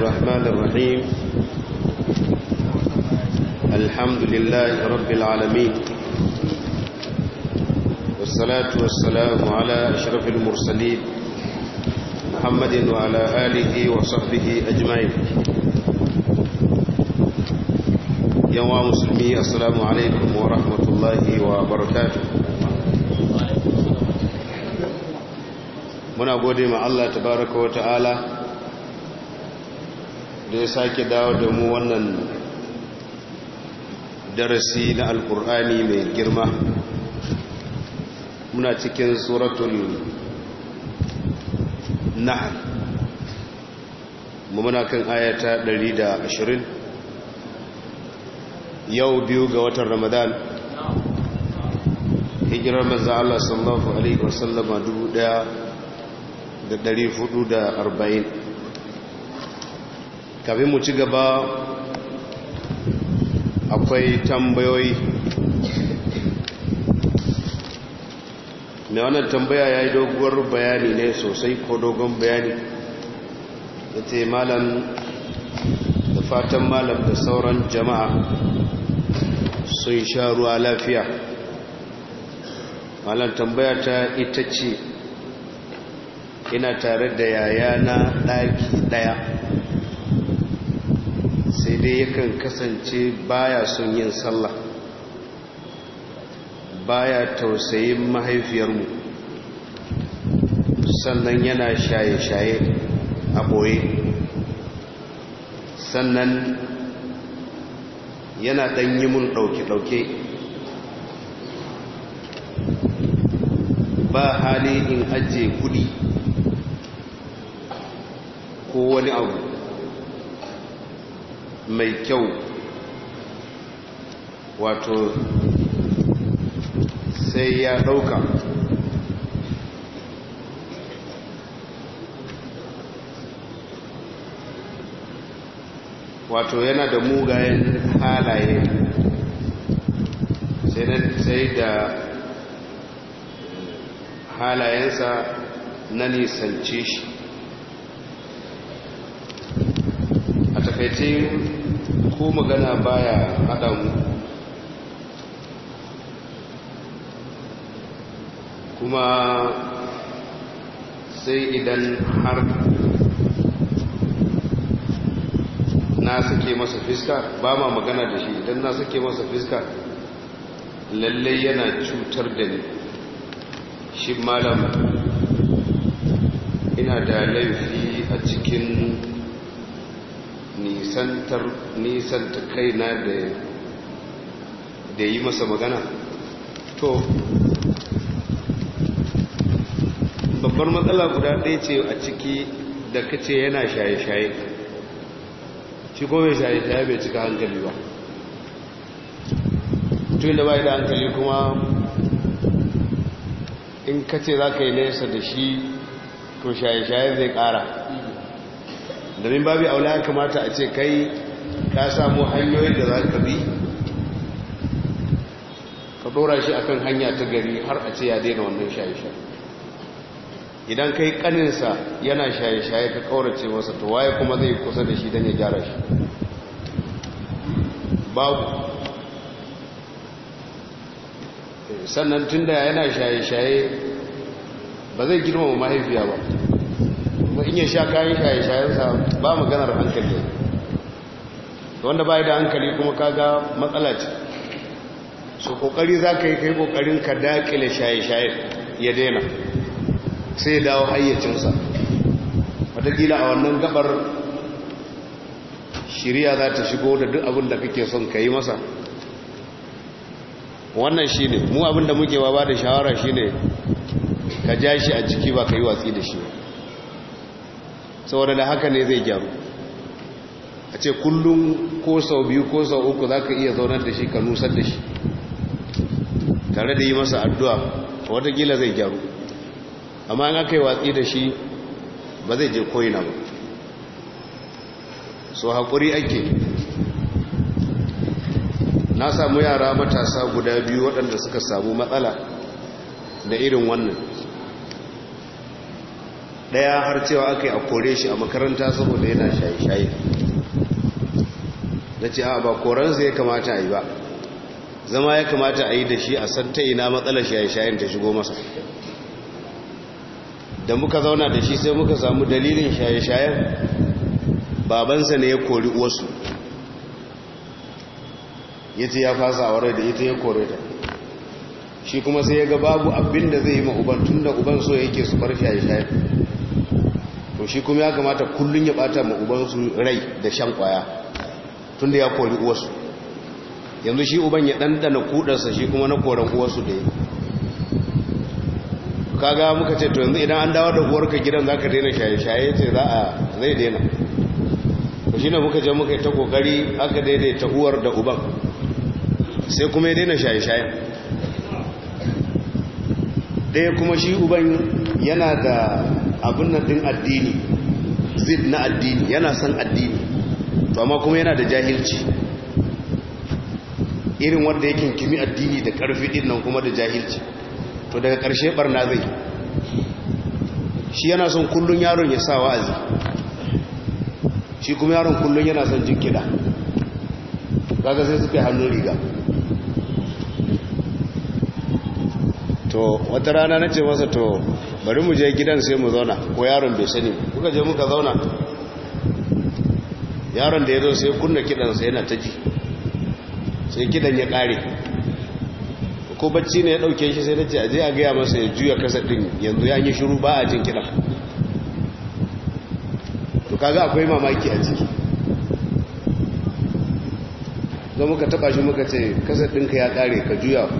الرحمن الرحيم الحمد لله رب العالمين والصلاة والسلام على أشرف المرسلين محمد وعلى آله وصحبه أجمعين يوم مسلمي السلام عليكم ورحمة الله وبركاته من أبودي مع الله تبارك وتعالى da ya sake dawo da mu wannan darasi na alkur'ani mai girma muna cikin suratul nahl mu muna kan ayata 120 yau biyu ga watan ramadan hijirar manzo Allah sallallahu alaihi wasallama arba'in. kafin mu ci gaba akwai tambayoyi mai wannan tambaya ya yi doguwar bayani ne sosai ko dogon bayani da ce malam da fatan malam da sauran jama'a sun sha ruwa lafiya malam tambaya ta ita ce ina tare da yayana ɗaki ɗaya sai yakan kasance baya son yin sallah baya tausayin mahaifiyarmu sannan yana shaye-shaye a boye sannan yana ɗan yi mun ɗauke-ɗauke ba hali in ajiye kuɗi ko wani abu mai kyau wato sai ya ɗauka wato yana da mugayen halaye sai da halayensa na nisance shi takaice ko magana baya haɗa mu kuma sai idan har na suke masa fiska ba ma magana da shi idan na sake masa fiska lallai yana cutar da ni shi malam ina da laifi a cikin nisantar nisanta kaina da da yi masa magana to babbar matsala guda ɗaya ce a ciki da kace yana shaye-shaye shi ko shaye-shaye bai cika hankali ba tun da bai da hankali kuma in kace za ka yi nesa da shi to shaye-shaye zai ƙara domin babu aula kamata a ce kai ka samu hanyoyin da za ka bi ka dora shi akan hanya ta gari har a ce ya daina wannan shaye-shaye idan kai kaninsa yana shaye-shaye ka kaurace masa to waye kuma zai kusa da shi don ya gyara shi babu sannan tun da yana shaye-shaye ba zai girmama mahaifiya ba in ya sha kayan shaye-shayensa ba maganar hankali wanda ba da hankali kuma kaga matsala ce su kokari za ka yi kai kokarin ka dakile shaye-shaye ya daina sai ya dawo hayyacinsa watakila a wannan gabar shirya za ta shigo da duk abin da kake son ka yi masa wannan shi mu abin da muke ba da shawara shi ka ja shi a ciki ba ka yi watsi da shi ba saboda da haka ne zai gyaru a ce kullum ko sau biyu ko sau uku za ka iya zaunar da shi ka nusar da shi tare da yi masa addu'a watakila zai gyaru amma an aka yi watsi da shi ba zai je koyina ba so haƙuri ake na samu yara matasa guda biyu waɗanda suka samu matsala da irin wannan daya har cewa aka yi a kore shi a makaranta saboda yana shaye-shaye na ce a ba koransa ya kamata a yi ba zama ya kamata a yi da shi a santa ina matsalar shaye shayin ta shigo masa da muka zauna da shi sai muka samu dalilin shaye-shayen babansa ne ya kori wasu ya ce ya fasa a da ita ya kore ta shi kuma sai ya ga babu abin da zai yi mauban tun da uban so yake su farfi shaye shaye to shi kuma ya kamata kullum ya bata mauban su rai da shan kwaya tun da ya kori uwarsu yanzu shi uban ya dandana kudarsa shi kuma na koran uwarsu da ya kaga muka ce to yanzu idan an dawo da uwarka gidan za ka daina shaye shaye ce za a zai daina to shine muka je muka yi ta kokari aka daidaita uwar da uban sai kuma ya daina shaye shayen ɗaya kuma shi uban yana da abin nan ɗin addini zid na addini yana son addini to amma kuma yana da jahilci irin wanda yake kimi addini da ƙarfi ɗin nan kuma da jahilci to daga ƙarshe ɓarna zai shi yana son kullum yaron ya sa wa'azi shi kuma yaron kullum yana son jin kiɗa kaga sai suka yi hannun riga to wata rana na ce masa to bari mu je gidan sai mu zauna ko yaron bai sani kuka je muka zauna yaron da ya zo sai kunna sai yana ta ji sai kidan ya kare ko bacci ne ya dauke shi sai na ce aje a gaya masa ya juya kasa din yanzu ya yi shiru ba a jin kidan to kaga akwai mamaki a ciki don muka taba shi muka ce kasa ɗinka ya kare ka juya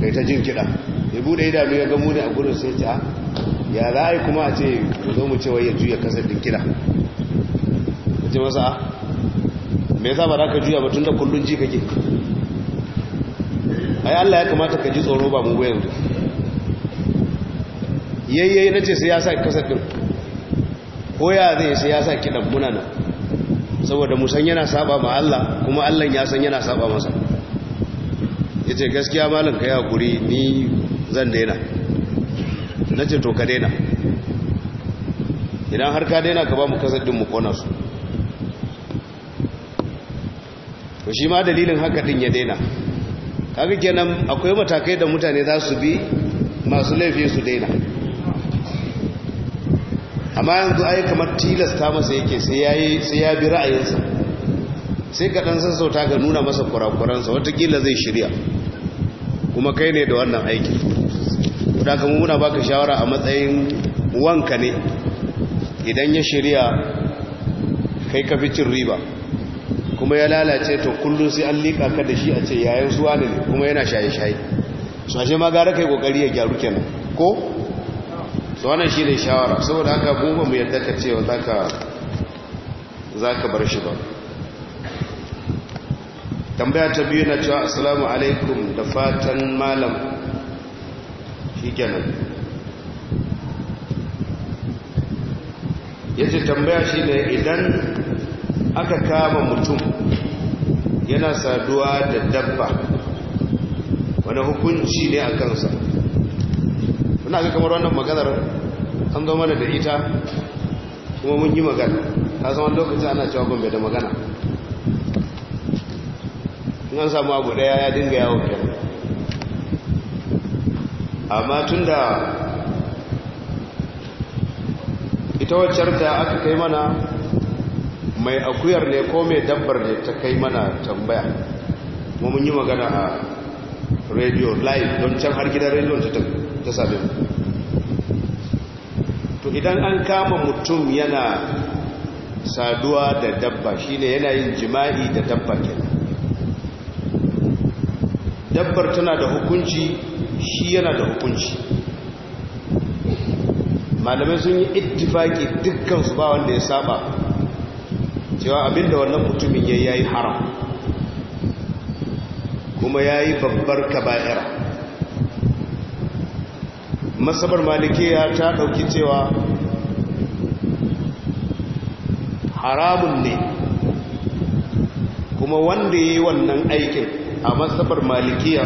kai ta jin kiɗa ya bude idanu ya gamu ne a gudun sai ta ah, ya za a yi kuma a ce ku zo mu cewa ya juya kasar din kiɗa ta ce masa ah, me za ba za ka juya ba tun da kullun ji kake ai Allah ya kamata ka ji tsoro ba mu goyen zu yayyayi na ce sai ya sa kasar din ko ya zai sai ya sa kiɗan muna nan saboda musan yana saba ma Allah kuma Allah ya san yana saba masa ce gaskiya malam ka ya hakuri ni zan daina na ce to ka daina idan har ka daina ka ba mu kasaddin mu kona su to shi ma dalilin haka din ya daina kaga kenan akwai matakai da mutane za su bi masu laifi su daina amma yanzu ai kamar tilasta masa yake sai ya bi ra'ayinsa sai ka dan sassauta ga nuna masa kurakuransa watakila zai shirya kuma kai ne da wannan aiki da kuma muna baka shawara a matsayin wanka ne idan ya shirya kai ka fi cin riba kuma ya lalace to kullum sai an liƙa ka da shi a ce yayin zuwa ne kuma yana shaye-shaye su ashe ma gara kai kokari ya gyaru kenan ko su wannan shi ne shawara saboda haka mu ba mu yarda ka wa za ka bar shi ba tambaya ta biyu na cewa assalamu alaikum da fatan malam shi kenan ya ce tambaya shi ne idan aka kama mutum yana saduwa da dabba wani hukunci ne a kansa muna aka kamar wannan maganar an zama da ita kuma mun yi magana ta zama lokaci ana cewa gombe da magana an samu abu daya ya dinga yawon kenan amma tun da ita waccar da aka kai mana mai akuyar ne ko mai dabbar ne ta kai mana tambaya kuma mun yi magana a radio live don can har gidan radio ta sabi to idan an kama mutum yana saduwa da dabba shine yana yin jima'i da dabba kenan dabbar tana da hukunci shi yana da hukunci malamai sun yi ittifaki dukkan su ba wanda ya saba cewa abinda wannan mutumin ya yayi haram kuma ya yi babbar kaba'ira masabar ya ta ɗauki cewa haramun ne kuma wanda ya yi wannan aikin a masabar malikiya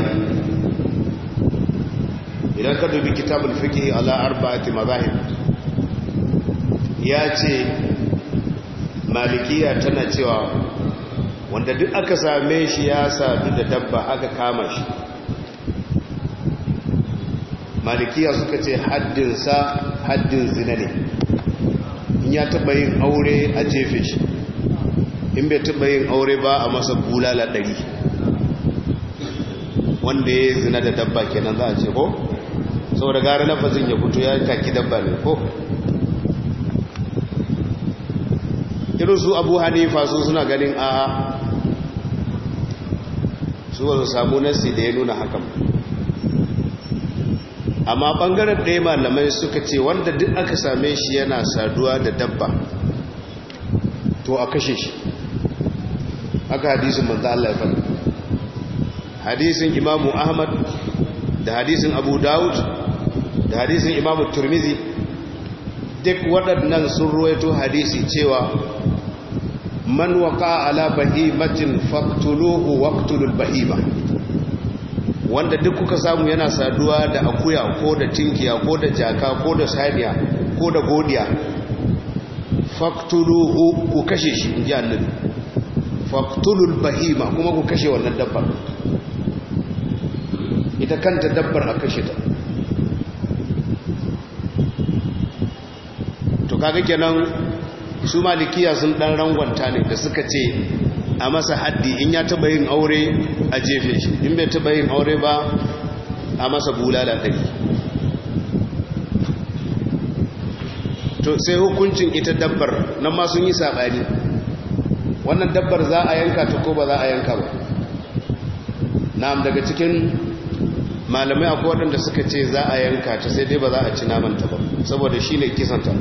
idan ka dubi kitabul fiqh ala arba'ati mazahib ya ce malikiya tana cewa wanda duk aka same shi ya sadu da dabba aka kama shi malikiya suka ce haddinsa haddin zina ne in ya taba yin aure a jefe shi in bai taba yin aure ba a masa bulala ɗari wanda ya zina da dabba kenan za a ce ko saboda gara lafazin ya fito ya taki dabba ne ko irin su abu hanifa su suna ganin a su wasu samu nasi da ya nuna hakan amma bangaren ɗaya malamai suka ce wanda duk aka same shi yana saduwa da dabba to a kashe shi aka hadisun manzan Allah ya hadisin imamu ahmad da hadisin abu dawud da hadisin imamu turmizi duk waɗannan sun ruwaito hadisi cewa man waka ala bahimatin faktuluhu waktulul bahima wanda duk kuka samu yana saduwa da akuya ko da tinkiya ko da jaka ko da saniya ko da godiya faktuluhu ku kashe shi ji annabi faktulul bahima kuma ku kashe wannan dabbar ita kanta dabbar a kashe ta to kaga kenan su malikiya sun dan rangwanta ne da suka ce a masa haddi in ya taba yin aure a jefe shi in bai taba yin aure ba a masa bulala ɗari to sai hukuncin ita dabbar nan ma sun yi saɓani wannan dabbar za a yanka ta ko ba za a yanka ba na daga cikin malamai akwai waɗanda suka ce za a yanka ta sai dai ba za a ci naman ta ba saboda shi ne kisanta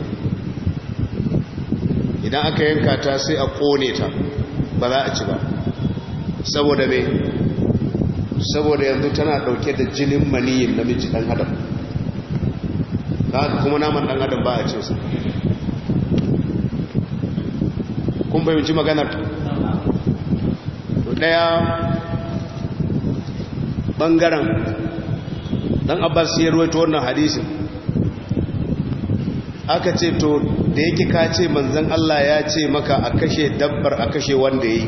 idan aka yanka ta sai a ƙone ta ba za a ci ba saboda mai saboda yanzu tana ɗauke da jinin maniyin namiji ɗan adam kuma naman ɗan adam ba a su kun bayyanci maganar ɗaya ɓangaren dan abbas ya ruwaito wannan hadisin aka ce to da yake ka ce manzon Allah ya ce maka a kashe dabbar a kashe wanda ya yi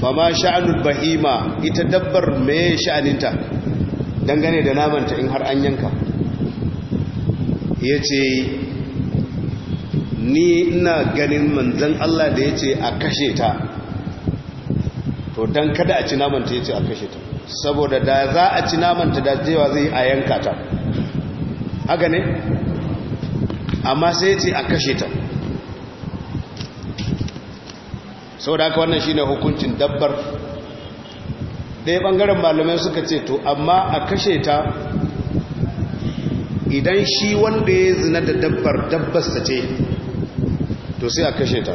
fama sha'anul bahima ita dabbar ya sha'aninta dangane da namanta in har an yanka ya ce ni ina ganin manzon Allah da ya ce a kashe ta to don kada a ci namanta ya ce a kashe ta saboda da za a ci namanta da jewa zai a yanka ta haka ne amma sai ce a kashe ta saboda haka wannan shine hukuncin dabbar ɗaya ɓangaren malamai suka ce to amma a kashe ta idan shi wanda ya zina da dabbar dabbasta ce to sai a kashe ta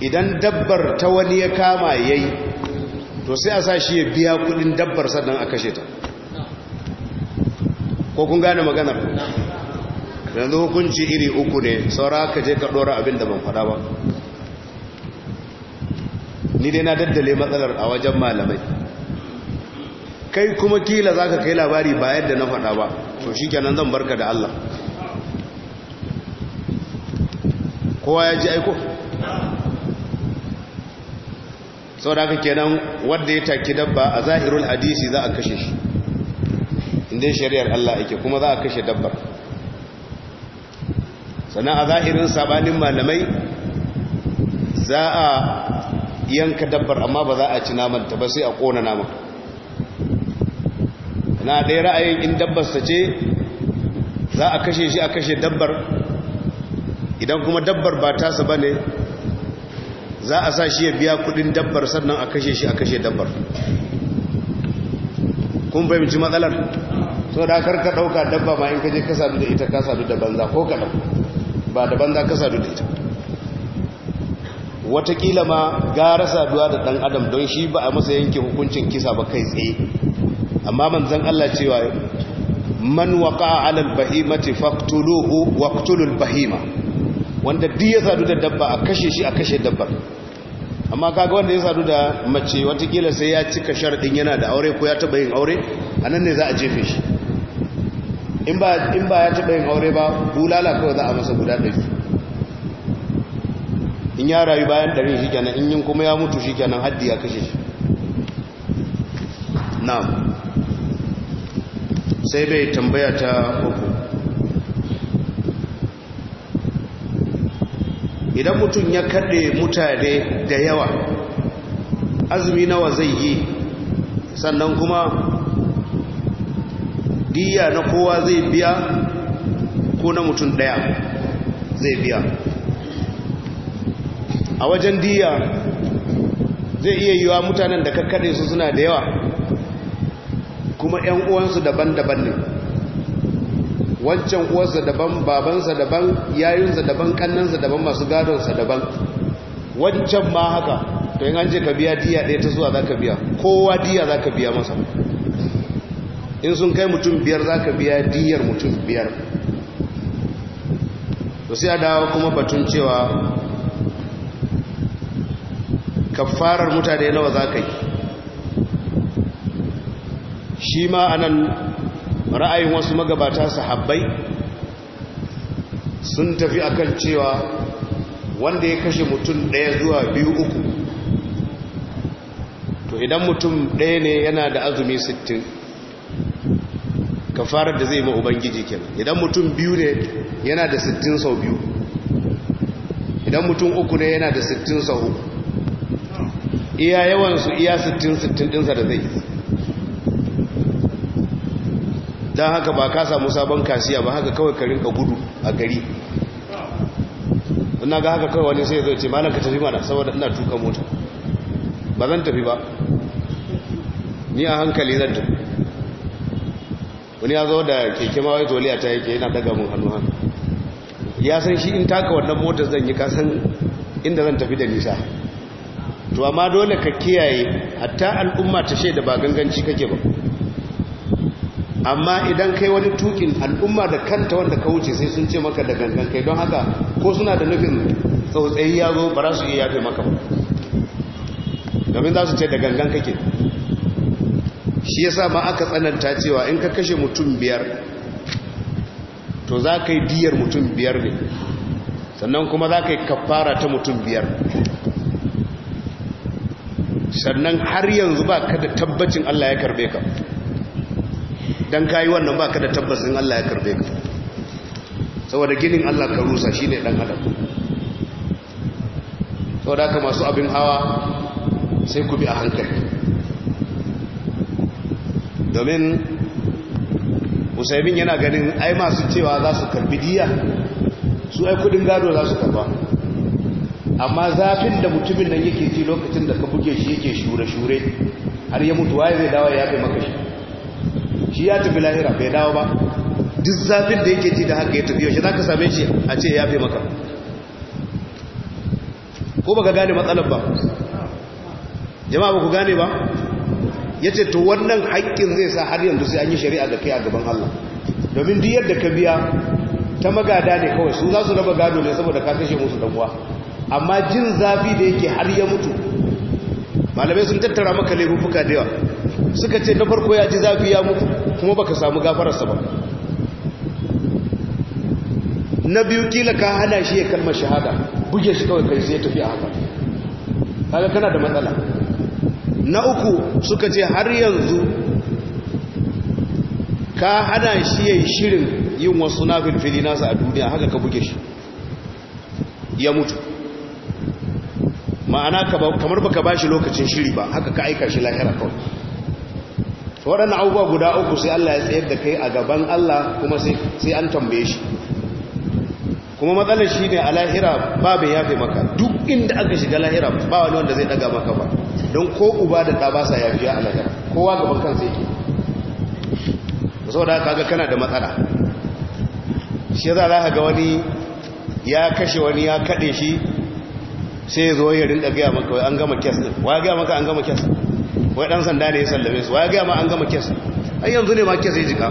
idan dabbar ta wani ya kama yayi to sai a sa shi ya biya kudin dabbar sannan a kashe ta ko kun gane maganar yanzu hukunci iri uku ne saura ka je ka dora abin da ban fada ba ni dai na daddale matsalar a wajen malamai kai kuma kila za ka kai labari ba yadda na faɗa ba to shi kenan zan barka da Allah kowa ya ji aiko sauraka kenan wanda ya taki dabba a zahirul hadisi za a kashe shi inda shari'ar Allah ake kuma za a kashe dabbar sannan a zahirin sabanin malamai za a yanka dabbar amma ba za a ci naman ta ba sai a kona naman na ɗaya ra'ayin in sa ce za a kashe shi a kashe dabbar idan kuma dabbar ba tasa ba ne za a sa shi ya biya kudin dabbar sannan a kashe shi a kashe dabbar kun fahimci matsalar so da kar ka dauka dabba ma in kaje ka sadu da ita ka sadu da banza ko kalan ba da banza ka sadu da ita watakila ma gara saduwa da dan adam don shi ba a masa yanke hukuncin kisa ba kai tsaye amma manzon Allah cewa man waqa'a 'ala al-bahimati faqtuluhu waqtulul bahima wanda duk ya sadu da dabba a kashe shi a kashe dabbar amma kaga wanda ya sadu da mace watakila sai ya cika sharɗin yana da aure ko ya taɓa yin aure a nan ne za a jefe shi in ba ya taɓa yin aure ba bulala kawai za a masa guda ɗari in ya rayu bayan ɗari shi kenan in yin kuma ya mutu shi kenan haddi ya kashe shi na sai bai tambaya ta uku idan mutum ya kaɗe mutane da yawa azumi nawa zai yi sannan kuma diya na kowa zai biya ko na mutum ɗaya zai biya a wajen diya zai iya yiwa mutanen da kakkaɗe su suna da yawa kuma 'yan uwansu daban-daban ne wancan uwarsa daban babansa daban yayinsa daban kannansa daban masu gadonsa daban wancan ma haka to yin an ce ka biya diya ɗaya ta zuwa za ka biya kowa diya za ka biya masa in sun kai mutum biyar za ka biya diyar mutum biyar to sai a dawo kuma batun cewa kafarar mutane nawa za ka yi shi ma anan ra'ayin wasu magabata sahabbai sun tafi akan cewa wanda ya kashe mutum ɗaya zuwa biyu uku to idan mutum ɗaya ne yana da azumi sittin kafarar da zai ma ubangiji kenan idan mutum biyu ne yana da sittin sau biyu idan mutum uku ne yana da sittin sau iya yawansu iya sittin sittin ɗinsa da zai yi don haka ba ka samu sabon kasiya ba haka kawai ka rinka gudu a gari na ga haka kawai wani sai zai ce malam ka tafi mana saboda ina tuka mota ba zan tafi ba ni a hankali zan tafi wani ya zo da keke mawai zoli a ta yake yana daga mun hannu hannu ya san shi in taka wannan mota zan yi kasan inda zan tafi da nisa to amma dole ka kiyaye hatta al'umma ta shaida ba ganganci kake ba amma idan kai wani tukin al'umma da kanta wanda ka wuce sai sun ce maka da gangan kai don haka ko suna da nufin tsautsayi ya zo ba za su iya yafe maka domin za su ce da gangan kake shi ya ma aka tsananta cewa in ka kashe mutum biyar to za ka yi diyar mutum biyar ne sannan kuma za ka yi kafara ta mutum biyar sannan har yanzu ba kada tabbacin Allah ya karbe ka dan kayi wannan baka da tabbasin Allah ya karbe ka saboda ginin Allah ka rusa shine ɗan adam saboda haka masu abin hawa sai ku bi a hankali domin musaimin yana ganin ai masu cewa za su karbi diya su ai kudin gado za su karba amma zafin da mutumin nan yake ji lokacin da ka buge shi yake shure-shure har ya mutuwa ya zai dawo ya kai makashi. shi ya tafi lahira bai dawo ba duk zafin da yake ji da haka ya tafi shi za ka same shi a ce ya fi maka ko ba ka gane matsalar ba jama'a ba ku gane ba ya ce to wannan haƙƙin zai sa har yanzu sai an yi shari'a da kai a gaban Allah domin duk yadda ka biya ta magada ne kawai su za su raba gado ne saboda ka kashe musu uwa amma jin zafi da yake har ya mutu malamai sun tattara maka laifuka da yawa suka ce na farko ya ji zafi ya mutu kuma baka samu gafararsa ba na biyu kila ka hana shi ya kalmar shahada buge shi kawai kai sai tafi a haka kaga kana da matsala na uku suka ce har yanzu ka hana shi ya shirin yin wasu na fili nasa a duniya haka ka buge shi ya mutu ma'ana kamar baka ba shi lokacin shiri ba haka ka aika shi lahira kawai to waɗannan abubuwa guda uku sai Allah ya tsayar da kai a gaban Allah kuma sai an tambaye shi kuma matsalar shi ne a lahira ba bai yafe maka duk inda aka shiga lahira ba wani wanda zai daga maka ba don ko uba da ta ba sa yafiya a lahira kowa gaban kansa yake saboda kaga kana da matsala shi za za ga wani ya kashe wani ya kaɗe shi sai zo ya rinka gaya maka an gama kyas ɗin wa gaya maka an gama kyas ɗin wai dan sanda ne ya sallame su waya gaya ma an gama kes ai yanzu ne ma kes ya jika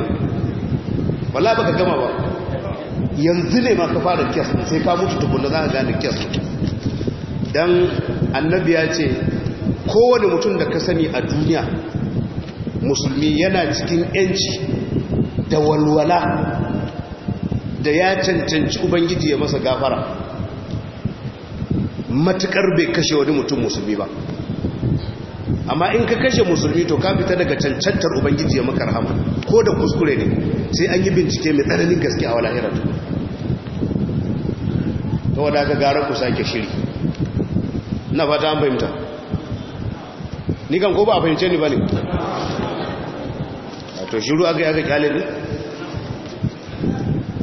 wala baka gama ba yanzu ne ma ka fara kes sai ka mutu tukunna za ka gane kes dan annabi ya ce kowane mutum da ka sani a duniya musulmi yana cikin yanci da walwala da ya cancanci ubangiji ya masa gafara matukar bai kashe wani mutum musulmi ba amma in ka kashe musulmi to ka fita daga cancantar ubangiji ya maka rahama ko da kuskure ne sai an yi bincike mai tsananin gaske a walahirar to wada ka gara ku sake shiri na fata an fahimta ni kan ko ba a fahimce ni ba ne to shiru aka yi aka kyale ne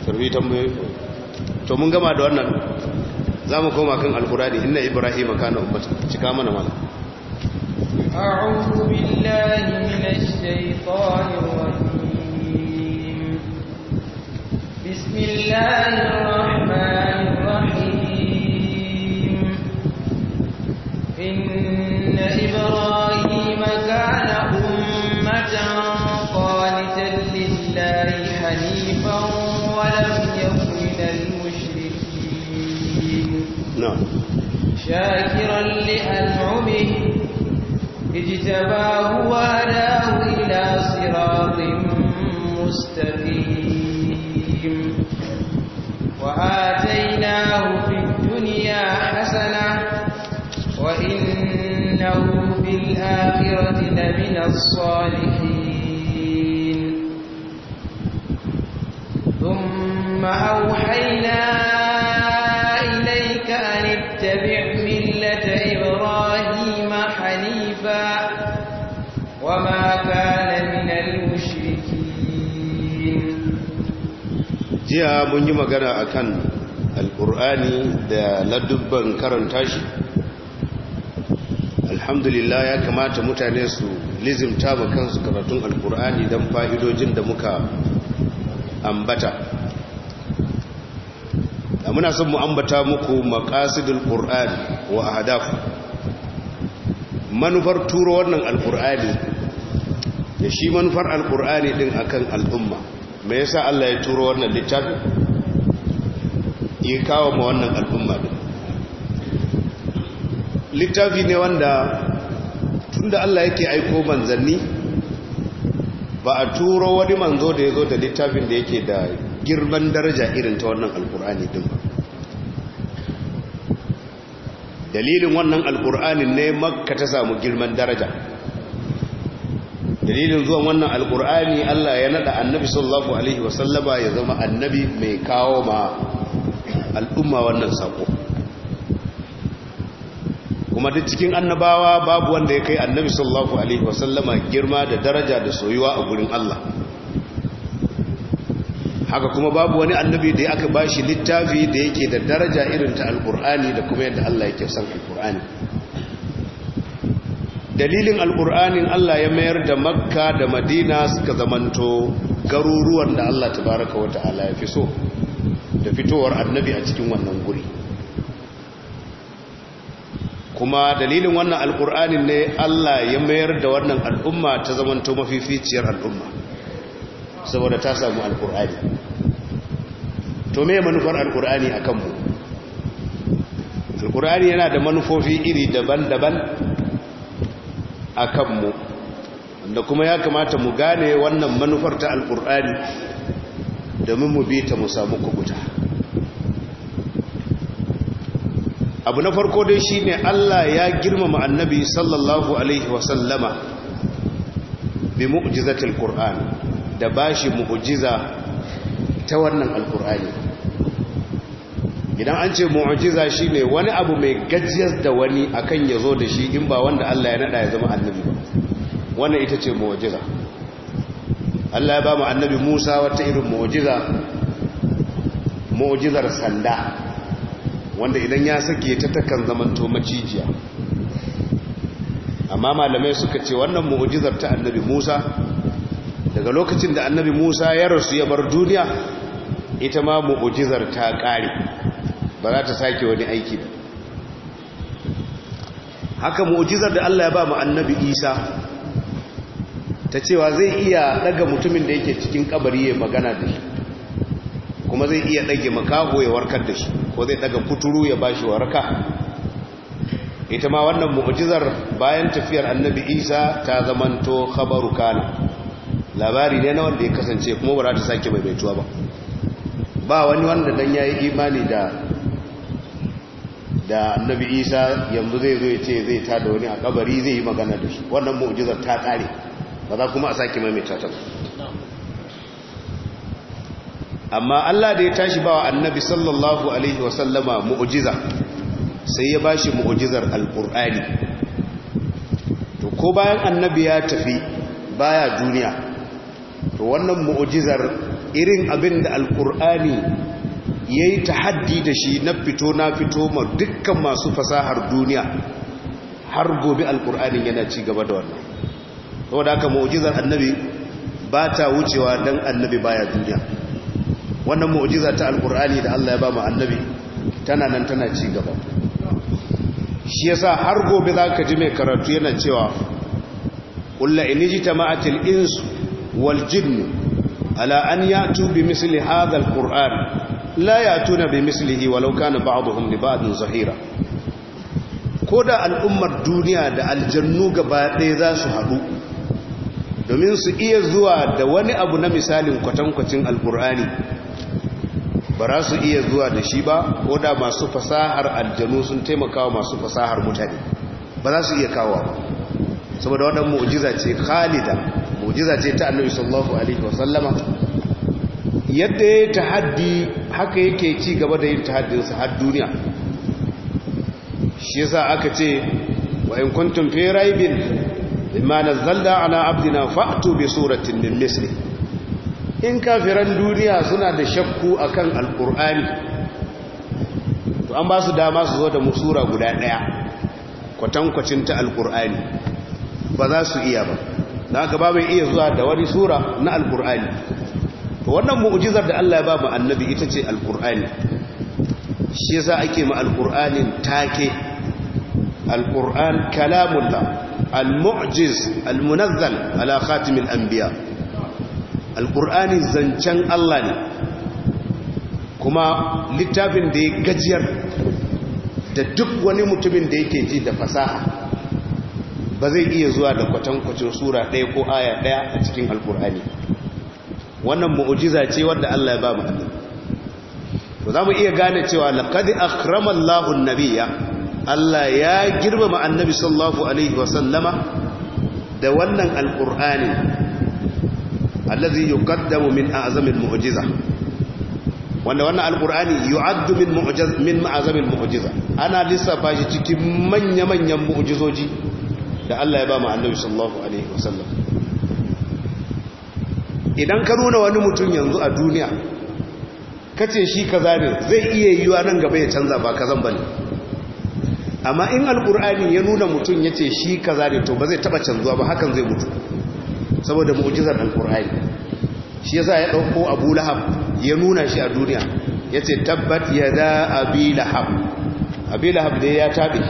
turbi tambaye to mun gama da wannan za mu koma kan alkurani inna ibrahim kana ummata cika mana mana أعوذ بالله من الشيطان الرجيم بسم الله الرحمن الرحيم إن إبراهيم كان أمة قانتا لله حنيفا ولم يكن من المشركين نعم شاكرا لأنعمه اجتباه وهداه إلى صراط مستقيم وآتيناه في الدنيا حسنة وإنه في الآخرة لمن الصالحين ثم أوحينا jiya mun yi magana a kan Alƙur'ani da ladubban karanta shi alhamdulillah ya kamata mutane su lizimta ba kansu karatun Alƙur'ani don fa'idojin da muka ambata da muna son mu ambata muku makasidul ƙur'ani wa ahdaf manufar turo wannan Alƙur'ani da shi manufar Alƙur'ani din akan al'umma me yasa Allah ya turo wannan littafin ya kawo ma wannan al'umma din littafi ne wanda tunda Allah yake aiko manzanni ba a turo wani manzo da ya zo da littafin da yake da girman daraja irin ta wannan alkur'ani din ba dalilin wannan alkur'ani ne makka ta samu girman daraja dalilin zuwan wannan alkur'ani Allah ya nada annabi sallallahu alaihi wasallama ya zama annabi mai kawo ma al'umma wannan sako kuma duk cikin annabawa babu wanda ya kai annabi sallallahu alaihi wasallama girma da daraja da soyuwa a gurin Allah haka kuma babu wani annabi da aka bashi littafi da yake da daraja irin ta alkur'ani da kuma yadda Allah yake son alkur'ani dalilin alkur'anin Allah ya mayar da makka da madina suka zamanto garuruwan da Allah ta baraka wata ala ya fi so da fitowar annabi a cikin wannan guri kuma dalilin wannan alkur'anin ne Allah ya mayar da wannan al'umma ta zamanto mafificiyar al'umma saboda ta samu alkur'ani to me manufar alkur'ani a kanmu alkur'ani yana da manufofi iri daban-daban a kanmu da kuma ya kamata mu gane wannan manufar ta alkur'ani domin mu bi ta mu samu kubuta abu na farko dai shi ne allah ya girmama annabi sallallahu alaihi wasallama bi mu'jizatil qur'an da bashi mu'jiza ta wannan alkur'ani idan an ce mu'jiza shine wani abu mai gajiyar da wani akan ya zo da shi in ba wanda Allah ya nada ya zama annabi ba wannan ita ce mu'ujiza Allah ya ba mu annabi Musa wata irin mu'ujiza, mu'ujizar sanda wanda idan ya sake ta takan to macijiya amma malamai suka ce wannan mu'jizar ta annabi Musa daga lokacin da annabi Musa ya rasu ya bar duniya ita ma mu'jizar ta ƙare ba za ta sake wani aiki ba haka mu'ujizar da Allah ya ba mu annabi Isa ta cewa zai iya daga mutumin da yake cikin kabari ya magana da shi kuma zai iya dage makaho ya warkar da shi ko zai daga kuturu ya ba shi warka. ita ma wannan mu'ujizar bayan tafiyar annabi Isa ta zamanto khabaru kana labari ne na wanda ya kasance kuma ba za ta sake maimaituwa ba ba wani wanda dan yayi imani da da annabi isa yanzu zai zo ya ce zai ta da wani a kabari zai yi magana da shi wannan mu'ujizar ta kare ba za kuma a sake maimaita ta amma Allah da ya tashi ba wa annabi sallallahu alaihi wasallama mu'ujiza, sai ya ba bashi mu'ujizar alkur'ani to ko bayan annabi ya tafi baya duniya to wannan mu'ujizar irin abin da alkur'ani ya yi haddi da shi na fito na fito ma dukkan masu fasahar duniya har gobe alkur'anin yana ci gaba da wannan saboda haka mu'ujizar annabi ba ta wucewa don annabi baya duniya wannan mu'ujiza ta alkur'ani da Allah ya ba mu annabi tana nan tana ci gaba shi yasa har gobe za ka ji mai karatu yana cewa ta inijtama'atil insu wal jinnu ala an ya tubi misali hadha alquran la yatuna bi mislihi walau kana ba'dhum li ba'din zahira ko da al'ummar duniya da aljannu gaba ɗaya za su haɗu domin su iya zuwa da wani abu na misalin kwatankwacin alkur'ani ba za su iya zuwa da shi ba ko da masu fasahar aljanu sun taimakawa masu fasahar mutane ba za su iya kawo saboda waɗannan mu'ujiza ce khalida mu'jiza ce ta annabi sallallahu alaihi wasallama yadda ya yi tahaddi haka yake ci gaba da yin tahaddinsa har duniya shi yasa aka ce wa in kuntum fi raibin bima nazzalna ala abdina fa'tu bi suratin min misli in kafiran duniya suna da shakku akan alqur'ani to an ba su dama su zo da musura guda daya kwatankwacin ta alqur'ani ba za su iya ba Na haka ba mai iya zuwa da wani sura na alqur'ani to wannan mu'jizar da Allah ya ba mu annabi ita ce alqur'ani shi yasa ake ma alqur'anin take alqur'an kalamullah almu'jiz almunazzal ala khatimil anbiya alqur'ani zancen Allah ne kuma littafin da ya gajiyar da duk wani mutumin da yake ji da fasaha ba zai iya zuwa da kwatankwacin sura ɗaya ko aya ɗaya a cikin alkur'ani wannan mu'ujiza ce wanda Allah ya ba mu to za mu iya gane cewa laqad akhrama Allahu an-nabiyya Allah ya girmama annabi sallallahu alaihi wa sallama da wannan alqur'ani allazi yuqaddamu min a'zamil mu'jiza wanda wannan alqur'ani yu'addu min mu'jiz min a'zamil mu'jiza ana lissafa shi cikin manya-manyan mu'jizoji da Allah ya ba mu annabi sallallahu alaihi wa sallam idan ka nuna wani mutum yanzu a duniya ka ce shi ka zane zai iya yiwa nan gaba ya canza ba ka zamba ne amma in alkur'ani ya nuna mutum ya ce shi ka zane to ba zai taba canzuwa ba hakan zai mutu saboda mu'ujizar alkur'ani shi ya sa ya ɗauko Abu laham ya nuna shi a duniya ya ce tabbat yada Abi Lahab Abi laham da ya taɓe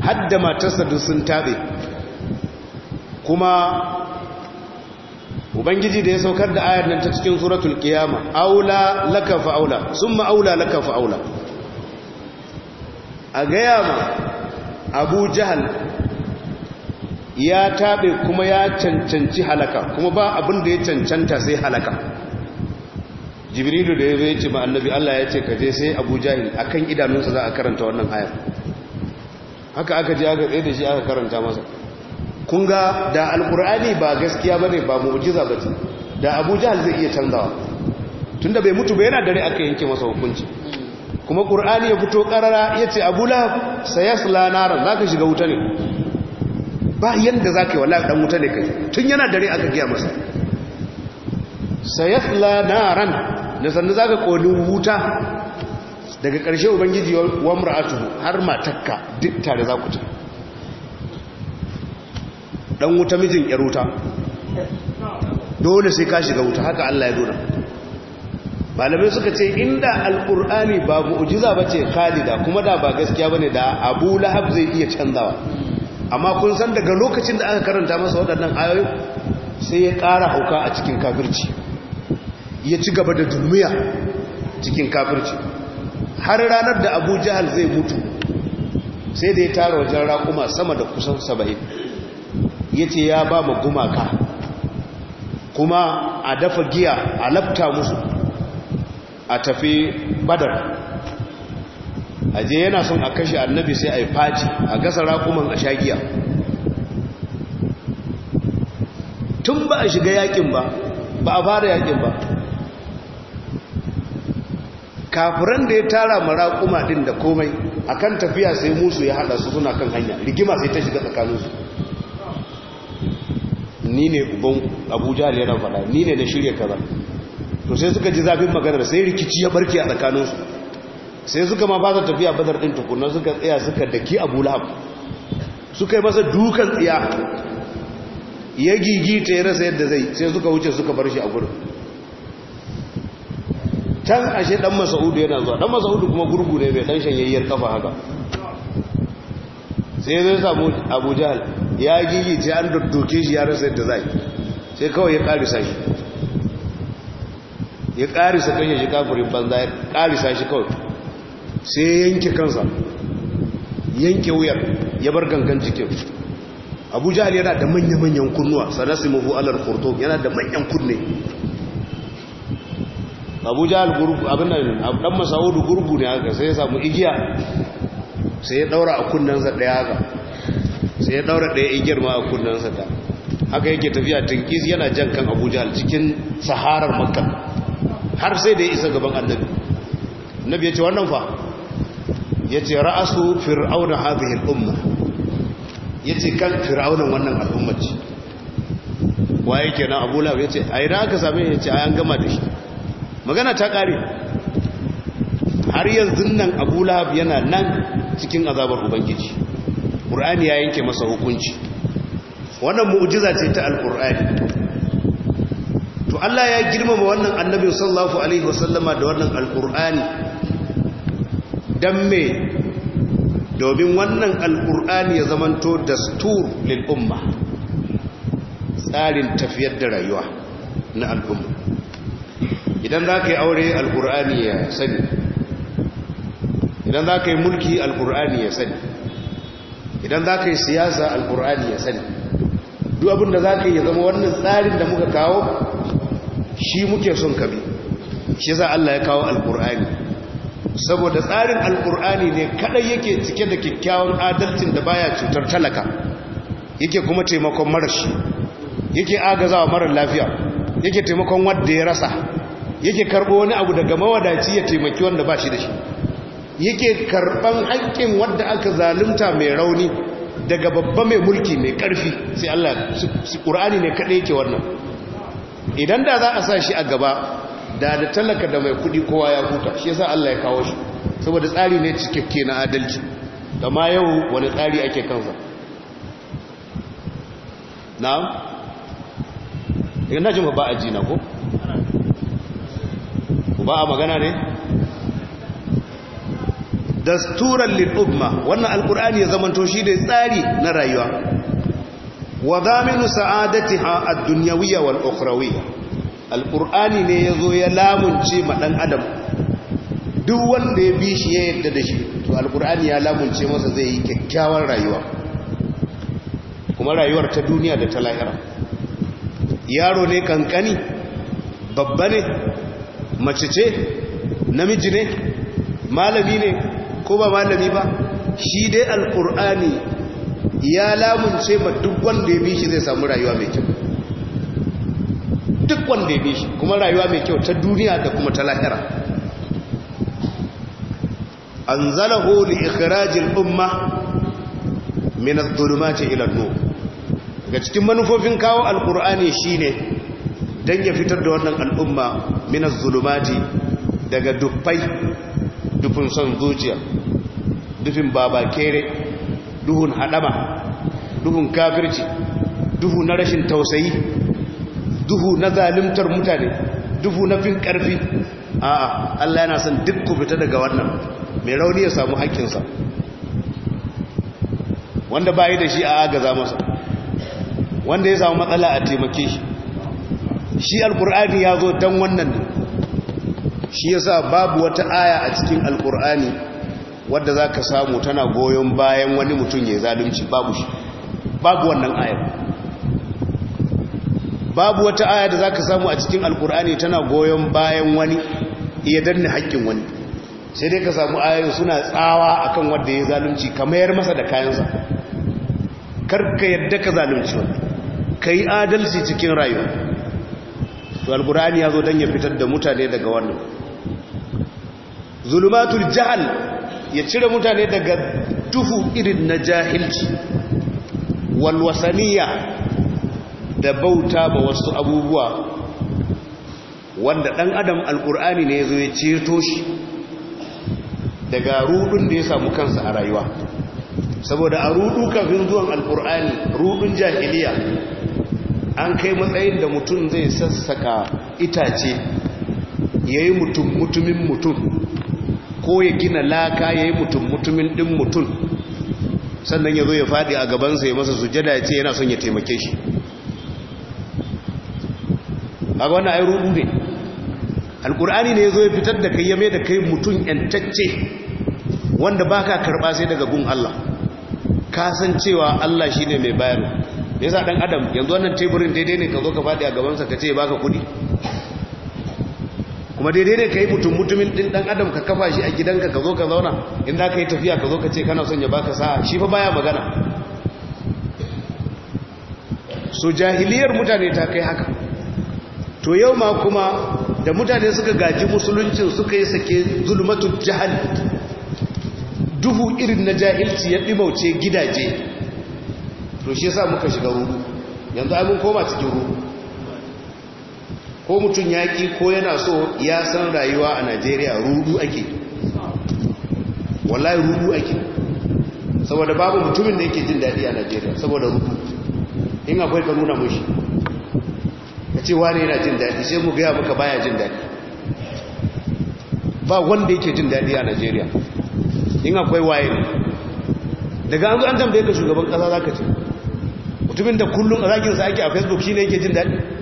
hadda matarsa duk sun taɓe kuma ubangiji da ya saukar da ayar nan ta cikin suratul qiyama aula laka fa aula summa aula laka fa aula a gaya ma abu jahal ya tabe kuma ya cancanci halaka kuma ba abin da ya cancanta sai halaka jibrilu da ya zo ya ce ma annabi Allah ya ce kaje sai abu jahil akan idanunsa za a karanta wannan ayar haka aka je aka tsaye da shi aka karanta masa kun ga da alkur'ani ba gaskiya ba ne ba mu'ujiza ba ce da abu jihar zai iya canzawa tun da bai mutu ba yana dare aka yanke masa hukunci kuma ƙur'ani ya fito ƙarara ya ce abu lahab sayasla za ka shiga wuta ne ba yadda za ka yi wala ɗan wuta ne kai tun yana dare aka giya masa sayas lanarar da sannu za ka ƙoli wuta daga ƙarshe ubangiji wa mura'atu har matakka duk tare za ku ta dan wuta mijin yar wuta dole sai ka shiga wuta haka Allah ya dora malamai suka ce inda alkur'ani ba mu'jiza bace khalida kuma da ba gaskiya bane da Abu Lahab zai iya canzawa amma kun san daga lokacin da aka karanta masa waɗannan ayoyi sai ya ƙara hauka a cikin kafirci ya ci gaba da dumiya cikin kafirci har ranar da Abu Jahal zai mutu sai da ya tara wajen raƙuma sama da kusan saba'in Yace ya ba gumaka kuma a dafa giya a lafta musu a tafi badar a je yana son a kashe annabi sai a yi faci a gasa rakuman a sha giya tun ba a shiga yakin ba ba a fara yakin ba kafiran da ya tara marakuma din da komai akan tafiya sai musu ya hada su suna kan hanya rigima sai ta shiga tsakaninsu ni ne uban abu jihar yana faɗa ni ne na shirya kaza to sai suka ji zafin maganar sai rikici ya barke a tsakaninsu sai suka ma ba za tafiya badar ɗin tukunan suka tsaya suka daki abu lahab suka yi masa dukan tsiya ya gigi ta ya rasa yadda zai sai suka wuce suka bar shi a gurin can ashe dan masaudu yana zuwa dan masaudu kuma gurgu ne mai dan shanyayyar kafa haka sai zai samu abu jihal ya ce an dukduke shi ya rasa yadda zai sai kawai ya karisa shi ya karisa kan shi kafirin banza ya karisa shi kawai sai yanke kansa yanke wuyar ya bar gangan jikin abu jihal yana da manya-manyan kunnuwa sanasi mafi alar kurto yana da manyan kunne abu jihal abin da ɗan masa'udu gurgu ne haka sai ya samu igiya sai ya daura a kunnensa daya haka sai ya daura daya igiyar a kunnensa ta haka yake tafiya tunkis yana jan kan abuja cikin saharar makka har sai da ya isa gaban annabi annabi ya ce wannan fa ya ce ra'asu fir'auna hadhihi al ya ce kan fir'aunan wannan al'umma ce yake nan abu lahab ya ce a idan aka same ya ce yan gama da shi magana ta kare har yanzu nan abu lahab yana nan cikin azabar ubangiji ƙur'ani ya yanke masa hukunci wannan mu'jiza ce ta alƙur'ani to Allah ya girmama wannan annabi sallallahu alaihi wasallama da wannan alƙur'ani dan me domin wannan alƙur'ani ya zamanto dastur lil umma tsarin tafiyar da rayuwa na al'umma idan za ka yi aure alƙur'ani ya sani idan za ka yi mulki alkur'ani ya sani idan za ka yi siyasa alkur'ani ya sani duk abin da za ka yi ya zama wannan tsarin da muka kawo shi muke son bi shi za Allah ya kawo alkur'ani saboda tsarin alkur'ani ne kadai yake cike da kyakkyawan adalcin da baya cutar talaka yake kuma taimakon marashi yake agazawa marar lafiya yake taimakon wadda ya rasa yake karbo wani abu daga mawadaci ya taimaki wanda ba shi da shi yake karɓan haƙƙin wadda aka zalunta mai rauni daga babba mai mulki mai ƙarfi sai Allah su ƙur'ani ne kaɗai ke wannan idan da za a sa shi a gaba da da talaka da mai kuɗi kowa ya huta shi yasa Allah ya kawo shi saboda tsari ne cikakke na adalci da ma yau wani tsari ake kansa na idan na ba a ji ko ba a magana ne dasturan lil'umma wannan alkur'ani ya zamanto shi da tsari na rayuwa wa zaminu sa'adatiha ad-dunyawiyya wal ukhrawiyya alkur'ani ne yazo ya lamunce ma adam duk wanda ya bi shi ya yadda da shi to alkur'ani ya lamunce masa zai yi kyakkyawar rayuwa kuma rayuwar ta duniya da ta lahira yaro ne kankani babba ne mace ce namiji ne malami ne ko ba malami ba shi dai alkur'ani ya lamunce ba duk wanda ya bi shi zai samu rayuwa mai kyau duk wanda ya bi shi kuma rayuwa mai kyau ta duniya da kuma ta lahira an zalahu li ikirajin umma minas adh-dhulumati ila an ga cikin manufofin kawo alkur'ani shine don ya fitar da wannan al'umma minas adh daga dubbai dukkan son zuciya dufin baba kere duhun hadama duhun kafirci duhu na rashin tausayi duhu na zalimtar mutane duhu na fin karfi a'a Allah yana son duk ku fita daga wannan mai rauni ya samu haƙƙinsa wanda ba yi da shi a agaza masa wanda ya samu matsala a taimake shi shi alkur'ani ya zo don wannan ne shi sa babu wata aya a cikin alkur'ani wadda za ka samu tana goyon bayan wani mutum ya zalunci babu shi babu wannan ayar babu wata ayar da za ka samu a cikin alkur'ani tana goyon bayan wani iya danne haƙƙin wani sai dai ka samu ayar suna tsawa akan wadda ya zalunci ka mayar masa da kayansa karka yadda ka zalunci wani ka yi adalci cikin rayuwa to alkur'ani ya zo don ya fitar da mutane daga wannan zulumatul jahal ya cire mutane daga duhu irin na jahilci walwasaniya da bauta ba wasu abubuwa wanda ɗan adam al'ur'ani ne zo ya ceto shi daga rudun da ya samu kansa a rayuwa saboda a rudu kafin zuwan al'ur'ani rudun jahiliya an kai matsayin da mutum zai sassaka itace ya yi mutum mutumin mutum ko ya gina laka ya yi mutum mutumin ɗin mutum sannan ya zo ya faɗi a gabansa ya masa sujada ya ce yana son ya taimake shi a wannan ai rudu ne alkur'ani ne ya zo ya fitar da kai ya mai da kai mutum yantacce wanda ba ka karɓa sai daga gun Allah ka san cewa Allah shi ne mai bayan ya sa ɗan adam yanzu wannan teburin daidai ne ka zo ka faɗi a gabansa ka ce ba ka kuɗi kuma daidai ne ka yi mutum mutumin ɗin ɗan adam ka kafa shi a gidanka ka zo ka zauna inda ka yi tafiya ka zo ka ce kana son ya baka sa'a shi fa baya magana so jahiliyar mutane ta kai haka to yau ma kuma da mutane suka gaji musuluncin suka yi sake zulmatu jahal duhu irin na jahilci ya ɗimauce gidaje to shi sa muka shiga ruru yanzu abin koma cikin ruru ko mutum ya ko yana so ya san rayuwa a najeriya rudu ake wallahi rudu ake saboda babu mutumin da yake jin daɗi a najeriya saboda rudu in akwai ka nuna mushi ka ce wane yana jin daɗi sai mu gaya muka baya jin daɗi ba wanda yake jin daɗi a najeriya in akwai waye ne daga an zo tambaye ka shugaban ƙasa za ka ce mutumin da kullum a zaginsa ake a facebook shi ne yake jin daɗi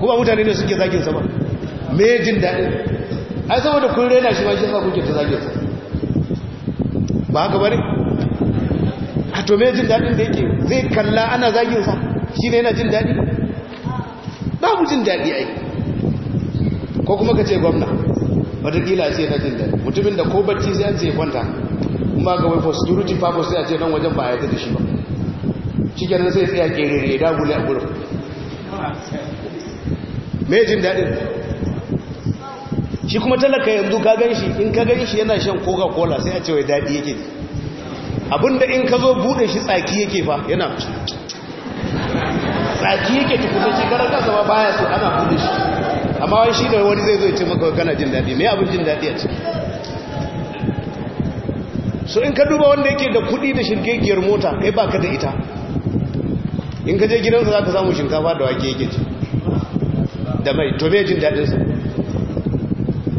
kuma mutane ne suke zagin sama ba me jin daɗi ai saboda kun rena shi ma shi sa kuke ta zagin sama ba haka bari a to me jin daɗin da yake zai kalla ana zagin sa shi ne yana jin daɗi babu jin daɗi ai ko kuma ka ce gwamna a ce na jin daɗi mutumin da ko bacci sai an ce kwanta kuma ga wai for duruti purpose sai a ce nan wajen ba a yadda da shi ba shi kenan sai tsaya kerere ya dagule a gurin mai jin daɗin shi kuma talaka yanzu ka gan shi in ka gan shi yana shan coca-cola sai a cewa daɗi yake abinda in ka zo buɗe shi tsaki yake fa yana tsaki yake tukusa shi karar kasa ba baya su ana buɗe shi amma wani shi da wani zai zo ce maka kana jin daɗi mai abin jin daɗi a ce. so in ka duba wanda yake da kuɗi da shirgegiyar mota kai baka da ita in ka je gidansa za ka samu shinkafa da wake yake ci da mai to me jin daɗinsa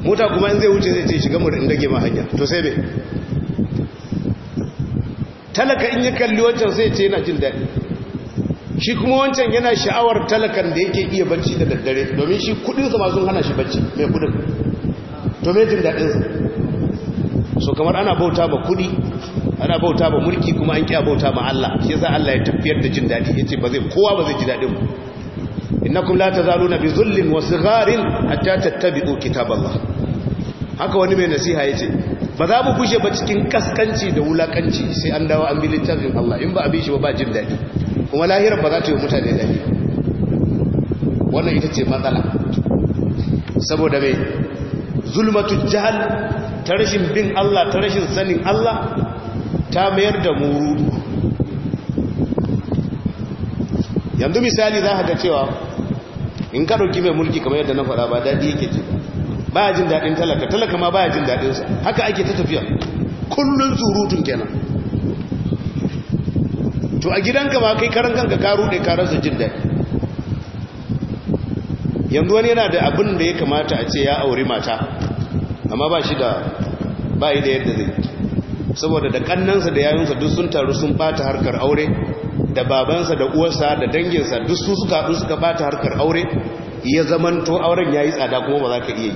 mota kuma in zai wuce zai ce shiga murin da dage ma hanya to sai me talaka in ya kalli wancan sai ce yana jin daɗi shi kuma wancan yana sha'awar talakan da yake iya banci da daddare domin shi kudinsa ma sun hana shi banci mai kudin to me jin daɗinsa so kamar ana bauta ba kudi ana bauta ba mulki kuma an kiya bauta ma Allah shi yasa Allah ya tafiyar da jin daɗi yace ba zai kowa ba zai ji daɗin ba innakum la tazaluna bi zullin wa sigharin hatta tattabi'u kitaballah haka wani mai nasiha yace ba za mu kushe ba cikin kaskanci da wulakanci sai an dawo an bi littafin Allah in ba a bi shi ba ba jin dadi kuma lahirar ba za ta yi mutane dadi wannan ita ce matsala saboda mai zulmatu jahal ta rashin bin Allah ta rashin sanin Allah ta mayar da murudu yanzu misali za ka ga cewa in ka ɗauki mai mulki kamar yadda na faɗa ba daɗi yake ce ba jin daɗin talaka talaka ma ba jin daɗinsa haka ake ta tafiya kullum surutun kenan to a gidanka ba kai karan kanka ka ruɗe ka rasa jin daɗi yanzu wani yana da abin da ya kamata a ce ya auri mata amma ba shi da ba yi da yadda zai saboda da kannansa da yayinsa duk sun taru sun bata harkar aure da babansa da uwarsa da danginsa duk su suka haɗu suka bata harkar aure ya to auren ya yi tsada kuma ba za ka iya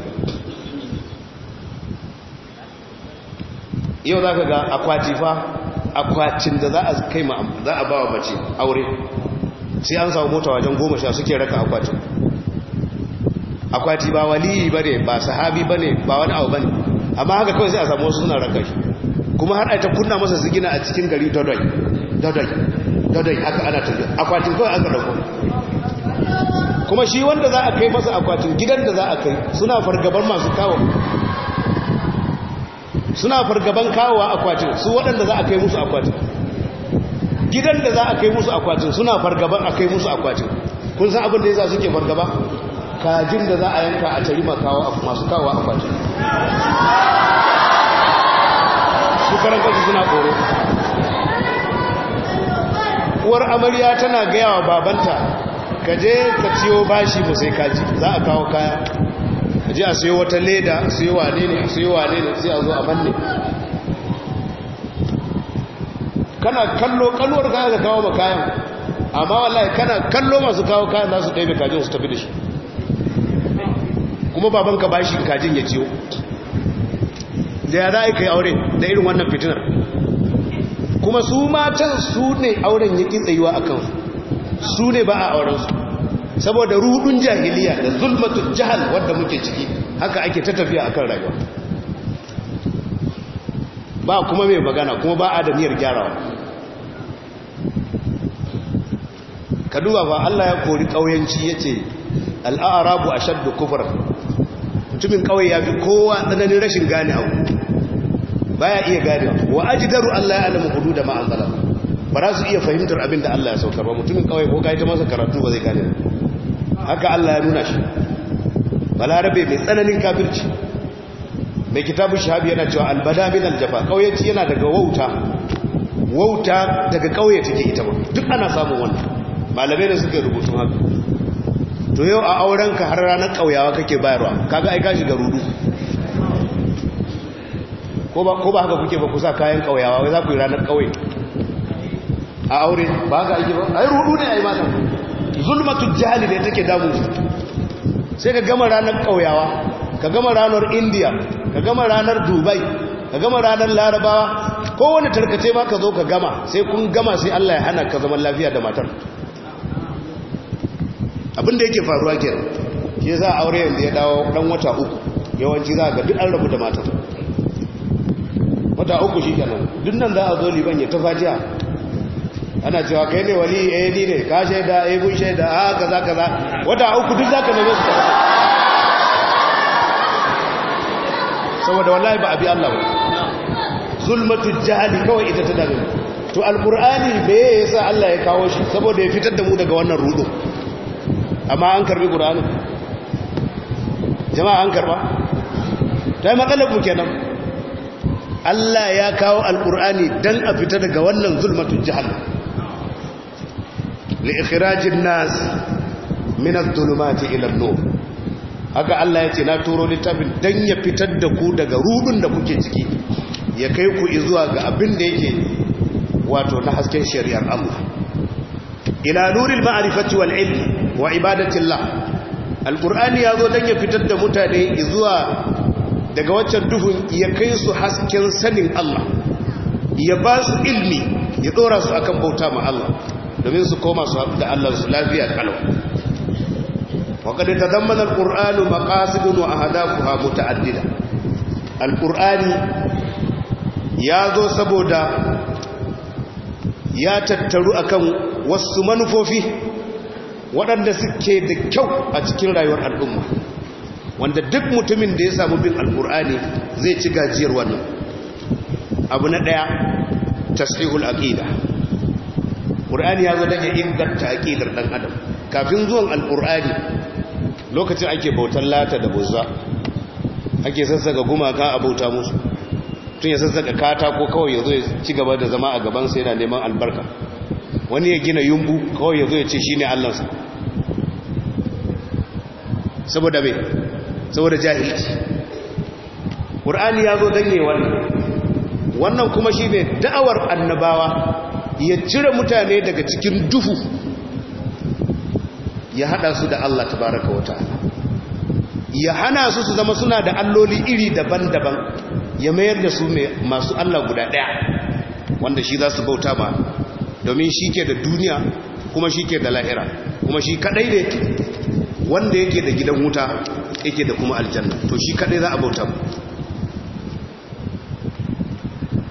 yi yau za ka ga akwati fa akwatin da za a kai ma za a ba wa mace aure sai an samu mota wajen goma sha suke raka akwatin akwati ba waliyi ba ne ba sahabi ba ne ba wani abu ba ne amma haka kawai sai a samu wasu suna raka shi kuma har aita kunna masa gina a cikin gari dodoi dodoi dadai haka ana tafiya akwatin kawai aka dauko kuma shi wanda za a kai masa akwatin gidan da za a kai suna fargaban masu kawo suna fargaban kawowa akwatin su waɗanda za a kai musu akwatin gidan da za a kai musu akwatin suna fargaban a kai musu akwatin kun san abin da ya za suke fargaba kajin da za a yanka a ma kawo masu kawo akwatin su karan kansu suna tsoro uwar amarya tana gaya wa babanta ka je ka ciyo bashi ba sai kaji za a kawo kaya ka je a sayo wata leda a sayo wane ne a sayo wane ne sai a zo a manne kana kallo kalwar kaya da kawo ba kayan amma wallahi kana kallo masu kawo kayan za su ɗaibe kajin su tafi da shi kuma babanka bashi kajin ya ciyo da ya za a yi ka yi aure da irin wannan fitinar kuma su matan su ne auren ya tsayuwa a kansu su ne ba a aurensu saboda rudun jahiliya da zulmatun jihal wadda muke ciki haka ake ta tafiya a kan rayuwa ba kuma mai magana kuma ba a da niyyar gyarawa kaduwa ba Allah ya kori ƙauyenci ya ce al'arabu a shaddu kufar mutumin ƙauye ya fi kowa tsananin rashin gane abu baya iya gane wa ajdaru Allah ya alamu hudu da ma'anzala ba za su iya fahimtar abin da Allah ya saukar ba mutumin kawai ko kai ta masa karatu ba zai gane haka Allah ya nuna shi balarabe mai tsananin kafirci mai kitabun shahabi yana cewa albada min aljafa kauyeci yana daga wauta wauta daga kauye take ita ba duk ana samun wannan malamai da suka rubutu haka to yau a auren ka har ranar kauyawa kake bayarwa kaga ai kashi garuru rudu ko ba haka kuke ba kusa kayan kauyawa wai za ku yi ranar kauye a aure ba haka aiki ba ai rudu ne ai mata zulmatu jahili da take damu sai ka gama ranar kauyawa ka gama ranar india ka gama ranar dubai ka gama ranar larabawa kowane tarkace ma ka zo ka gama sai kun gama sai allah ya hana ka zaman lafiya da matar abinda yake faruwa kenan ke za a aure yanzu ya dawo dan wata uku yawanci za ga duk an rabu da matar wata uku shi kenan duk nan za a zo liban ya tafajiya ana cewa kai ne wali eh ni ne ka shaida eh kun shaida a ah, kaza kaza wata uku duk zaka nemi su saboda wallahi ba abi Allah ba zulmatul jahali kawai ita ta dame to alqur'ani me yasa Allah ya kawo shi saboda ya fitar da mu daga wannan rudo amma an karbi qur'ani jama'a an karba dai matsalar mu kenan Allah ya kawo alkur'ani dan a fita daga wannan zulmatun jihar li ikhrajin nas min adh-dhulumati ila haka Allah ya ce na turo littafin dan ya fitar da ku daga rudun da kuke ciki ya kai ku zuwa ga abin da yake wato na hasken shari'ar Allah ila nuril ma'rifati wal ilm wa ibadati Allah ya zo dan ya fitar da mutane zuwa daga waccan duhun ya kai su hasken sanin Allah ya ba su ilmi ya tsora su akan bauta ma Allah domin su koma su haɗu da Allah su lafiya a وقد تضمن القرآن مقاصد Al-ƙur'ani ya zo saboda ya tattaru akan wasu manufofi waɗanda suke da kyau a cikin rayuwar al'umma wanda duk mutumin da ya samu bin alkur'ani zai ci gajiyar wannan abu na ɗaya tasrihul aqida qur'ani ya zo inganta aqidar ɗan adam kafin zuwan alkur'ani lokacin ake bautar lata da buzza ake sassaka gumaka a bauta musu tun ya sassaka katako kawai ya zo ya ci gaba da zama a gabansa yana neman albarka wani ya gina yumbu kawai ya zo ya ce shi ne allansa saboda me. saboda jahilci ƙur'ani ya zo danye wannan wannan kuma shi ne da'awar annabawa ya cire mutane daga cikin duhu ya hada su da Allah ta baraka wata. ya hana su su zama suna da alloli iri daban-daban ya mayar da su masu Allah guda ɗaya wanda shi za su bauta ba domin shi ke da duniya kuma shi ke da lahira kuma shi kaɗai ne wanda yake da gidan wuta yake da kuma aljanna to shi kaɗai za a bauta mu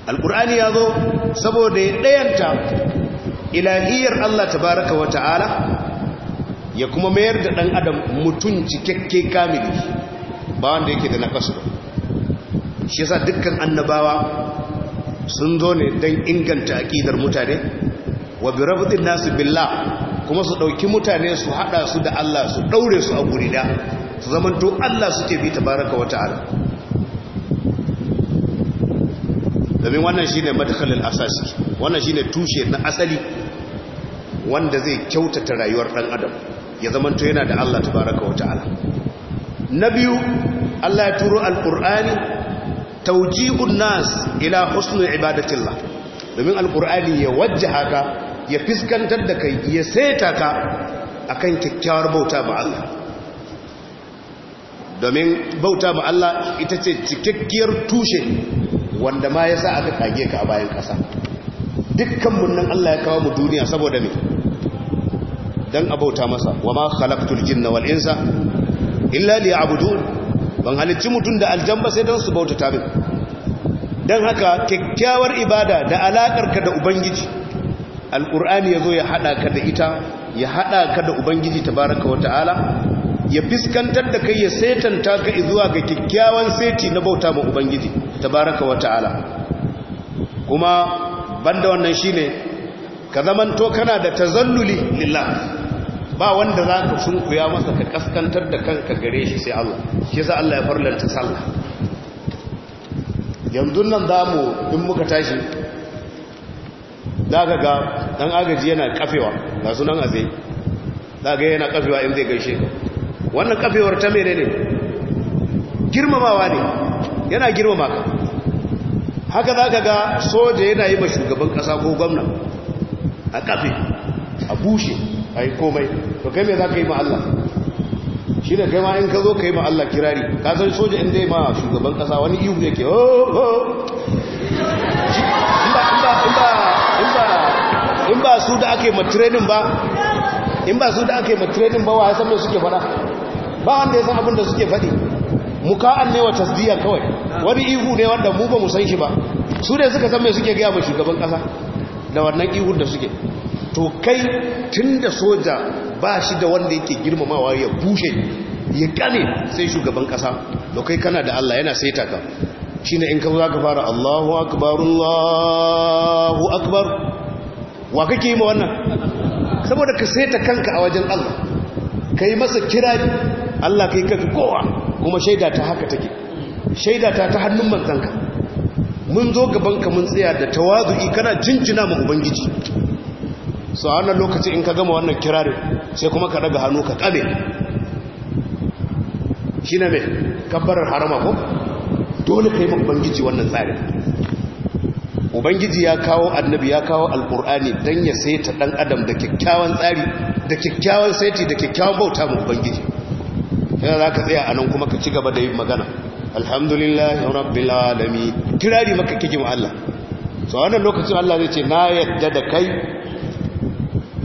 Alƙur'ani ya zo saboda ya ɗayanta ilahiyar Allah tabaraka wa ta'ala ya kuma mayar da ɗan adam mutum cikakke kamili ba wanda yake da nakasu shi yasa dukkan annabawa sun zo ne don inganta aƙidar mutane wa bi rabdin nasu billah kuma su ɗauki mutane su haɗa su da Allah su ɗaure su a guri da? su zamanto Allah suke bi tabaraka wa ta'ala domin wannan shine madkhalul asasi wannan shine tushe na asali wanda zai kyautata rayuwar ɗan adam ya zamanto yana da Allah tabaraka wa ta'ala na biyu Allah ya turo alqur'ani tawjihun nas ila husnul ibadatillah domin alƙur'ani ya wajjaha ka ya fiskantar da kai ya saita ka akan kyakkyawar bauta ba Allah domin bauta ma Allah ita ce cikakkiyar tushe wanda ma ya sa aka kage ka a bayan ƙasa dukkan munnan Allah ya kawo mu duniya saboda me dan a bauta masa wa ma khalaqtul jinna wal insa illa liya'budun ban halicci mutun da aljamba sai dan su bautata min dan haka kyakkyawar ibada da alakar ka da ubangiji alqur'ani yazo ya hada ka da ita ya hada ka da ubangiji tabaaraka wa ta'ala ya fiskantar da kai ya setanta ka zuwa ga kyakkyawan seti na bauta ma ubangiji tabaraka wa ta'ala kuma banda wannan shine ka to kana da tazalluli lillah ba wanda zaka ka masa ka kaskantar da kanka gare shi sai Allah shi za Allah ya farlanta sallah yanzu nan zamu mu in muka tashi za ka ga dan agaji yana kafewa ga sunan azai za ga yana kafewa in zai gaishe ka wannan kafewar ta mene ne girmamawa ne yana girmama ka haka za ka ga soja yana yi ma shugaban kasa ko gwamna a kafe a bushe a yi komai to kai mai za ka yi ma Allah shi da kai ma in ka zo ka yi ma Allah kirari ka san soja inda yi ma shugaban kasa wani ihu ne ke oh, oh. in ba su da ake ba in ba su da ake ba wa ya san suke ba wanda ya san abin da suke faɗi muka'an ne wa tasdiyar kawai wani ihu ne wanda mu ba mu san shi ba su ne suka san mai suke gaya mai shugaban ƙasa da wannan ihun da suke to kai tun da soja ba shi da wanda yake girmamawa ya bushe ya gane sai shugaban ƙasa da kai kana da Allah yana saita ka shi ne in ka za ka fara Allahu akbar Allahu akbar wa yi ma wannan saboda ka saita kanka a wajen Allah ka masa kirari Allah kai kafi kowa kuma shaida ta haka take shaida ta ta hannun manzanka mun zo gaban ka mun tsaya da tawazu'i kana jinjina ma ubangiji so a wannan lokaci in ka gama wannan kirarin sai kuma ka daga hannu ka kame shi na mai kabbarar harama ko dole ka yi ma ubangiji wannan tsari. ubangiji ya kawo annabi ya kawo alkur'ani don ya saita dan adam da kyakkyawan tsari da kyakkyawan saiti da kyakkyawan bauta mu ubangiji yana za ka tsaya a nan kuma ka ci gaba da yi magana alhamdulillah rabbil alami kirari maka kike mu Allah so wannan lokacin Allah zai ce na yadda da kai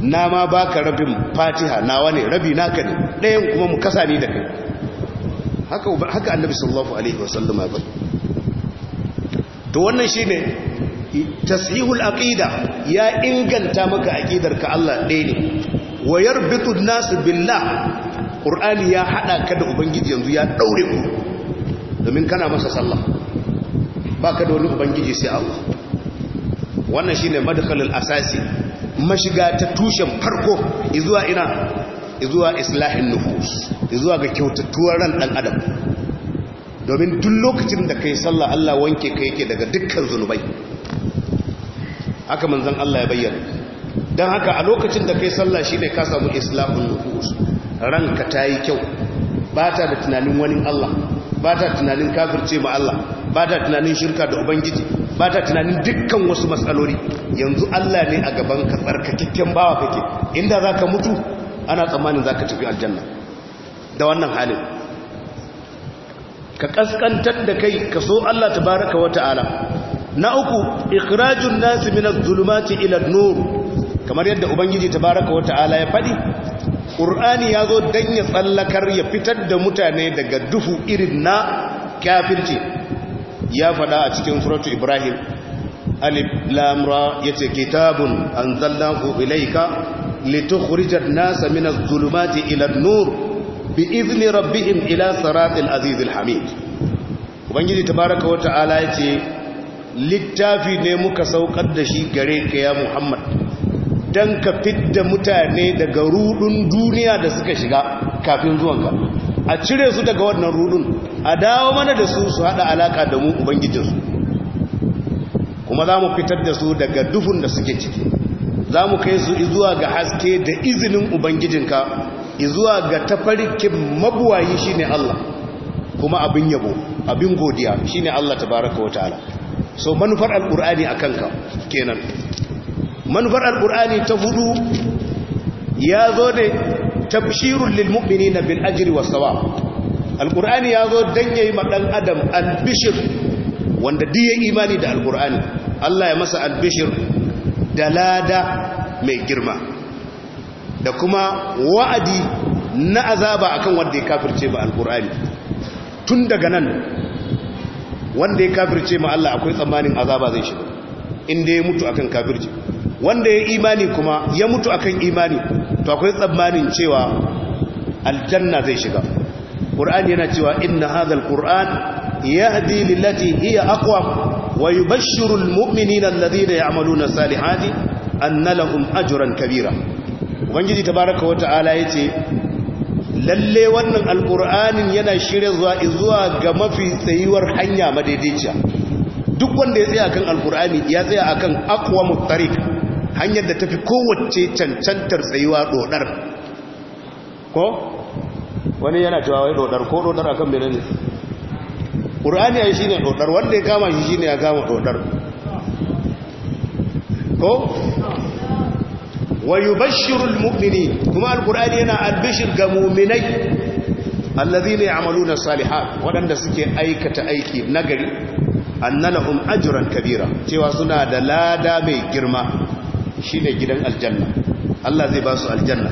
na ma baka rabin fatiha nawa ne rabi naka ne ɗayan kuma mu kasa ni da kai haka haka annabi sallallahu alaihi wasallama ba to wannan shine tasihul aƙida ya inganta maka aqidar ka Allah ɗaya ne wa yarbitu an-nas billah ƙur'ani ya haɗa ka da ubangiji yanzu ya ɗaure ku domin kana masa sallah ba ka da wani ubangiji sai Allah wannan shi ne madakalin asasi mashiga ta tushen farko izuwa ina izuwa islahin nufus izuwa ga kyautattuwar ran ɗan adam domin duk lokacin da kai sallah Allah wanke ka yake daga dukkan zunubai haka manzan Allah ya bayyana don haka a lokacin da kai sallah shi ne ka samu islahin nufus ranka ta yi kyau ba ta da tunanin wani Allah ba ta tunanin kafirce ma Allah ba ta tunanin shirka da ubangiji ba ta tunanin dukkan wasu matsaloli yanzu Allah ne a gaban ka kikken bawa kake inda za ka mutu ana tsammanin za ka tafi aljanna da wannan halin ka kaskantar da kai ka so Allah ta baraka wa ta'ala na uku ikirajun nasi min az-zulumati ila nur kamar yadda ubangiji tabaraka wa ta'ala ya faɗi ƙur'ani ya zo don ya tsallakar ya fitar da mutane daga duhu irin na kyafirce, ya faɗa a cikin suratu ibrahim alif lamra ya ce kitabun an ku ilaika litukurijar nasa minas zulumati ilan nur bi izini rabbihim ila saratil azizil hamid ubangiji tabaraka wata'ala ya ce littafi ne muka saukar da shi gare ka ya muhammad don ka fidda mutane daga rudun duniya da suka shiga kafin zuwanka a cire su daga wannan rudun a dawo mana da su su haɗa alaka da mu ubangijinsu kuma za mu fitar da su daga duhun da suke ciki za mu kai su izuwa ga haske da izinin ubangijinka izuwa ga tafarkin mabuwayi shi ne Allah kuma abin yabo abin godiya shi ne Allah baraka wa ta'ala so manufar alqur'ani akan ka kenan manufar alkur'ani ta hudu ya zo da tabshirun lilmuɓini na bin ajiri wasawa Alƙur'ani ya zo don yayi maɗan adam albishir wanda diya imani da alkur'ani allah ya masa albishir da lada mai girma da kuma wa'adi na azaba akan wanda ya kafirce ba alkur'ani tun daga nan wanda ya kafirce ma allah akwai tsammanin azaba zai shiga inda ya mutu akan kafirci wanda ya imani kuma ya mutu akan imani to akwai tsammanin cewa aljanna zai shiga qur'ani yana cewa inna hadhal qur'an yahdi lillati hiya aqwam wa yubashshiru almu'minina alladhina ya'maluna salihati anna lahum ajran kabira ubangiji tabaaraka wa ta'ala yace lalle wannan alqur'anin yana shirye zuwa zuwa ga mafi tsayuwar hanya madaidaiciya duk wanda ya tsaya akan alqur'ani ya tsaya akan aqwamut tariq hanyar da tafi kowace cancantar tsayuwa dodar ko wani yana cewa wai dodar ko dodar akan bene ne qur'ani ai shine dodar wanda ya kama shi shine ya kama dodar ko wa yubashshirul mu'minin kuma alqur'ani yana albishir ga mu'minai alladhina ya'maluna salihat wadanda suke aikata aiki nagari annalahum ajran kabira cewa suna da lada mai girma shine gidan aljanna Allah zai ba su aljanna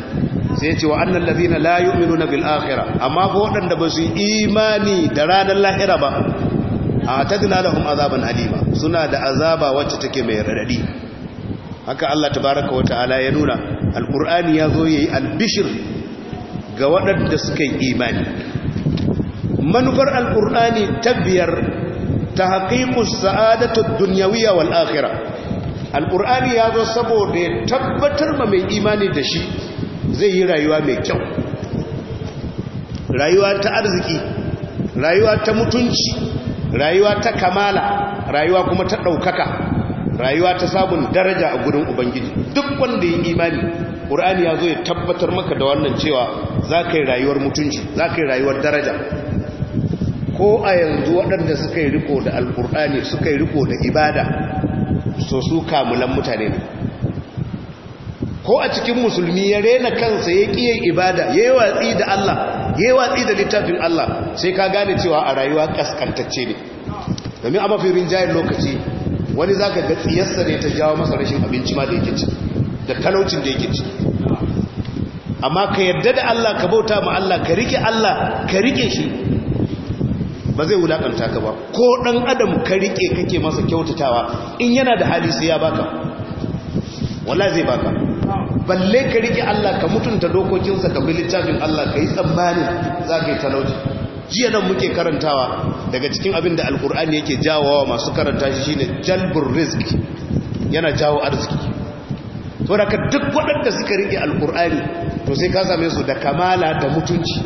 sai ce wa annal ladina la yu'minuna bil akhirah amma ko wadanda ba su imani da ranar lahira ba da kuma azaban alima suna da azaba wacce take mai raɗaɗi. haka Allah ta baraka wa ta'ala ya nuna alqur'ani ya zo yayi albishir ga wadanda suka yi imani manufar alqur'ani ta biyar ta ad sa'adatar wal akhirah alƙur'ani ya zo saboda ya tabbatar ma mai imani da shi zai yi rayuwa mai kyau rayuwa ta arziki rayuwa ta mutunci rayuwa ta kamala rayuwa kuma ta ɗaukaka rayuwa ta samun daraja a gudun ubangiji duk wanda ya imani ƙur'ani ya zo ya tabbatar maka da wannan cewa za ka yi rayuwar mutunci za ka yi rayuwar daraja ko a yanzu waɗanda suka yi riko da alƙur'ani suka yi riko da ibada to su kamulan mutane ne ko a cikin musulmi ya rena kansa ya ƙiye ibada ya yi watsi da Allah ya yi watsi da littafin Allah sai ka gane cewa a rayuwa ƙasƙantacce ne domin a mafi rinjayen lokaci wani za ka gatsi tsiyarsa ne ta jawo masa rashin abinci ma da yake ci da talaucin da yake ci amma ka yarda da Allah ka bauta ma Allah ka rike Allah ka rike shi ba zai wulakanta ka ba ko dan adam ka rike kake masa kyautatawa in yana da hali sai ya baka wallahi zai baka balle ka rike Allah ka mutunta dokokinsa ka bi littafin Allah ka yi tsammanin za ka yi talauci jiya nan muke karantawa daga cikin abin da alkur'ani yake jawowa masu karanta shi shine jalbur rizq yana jawo arziki to ka duk waɗanda suka rike alkur'ani to sai ka same su da kamala da mutunci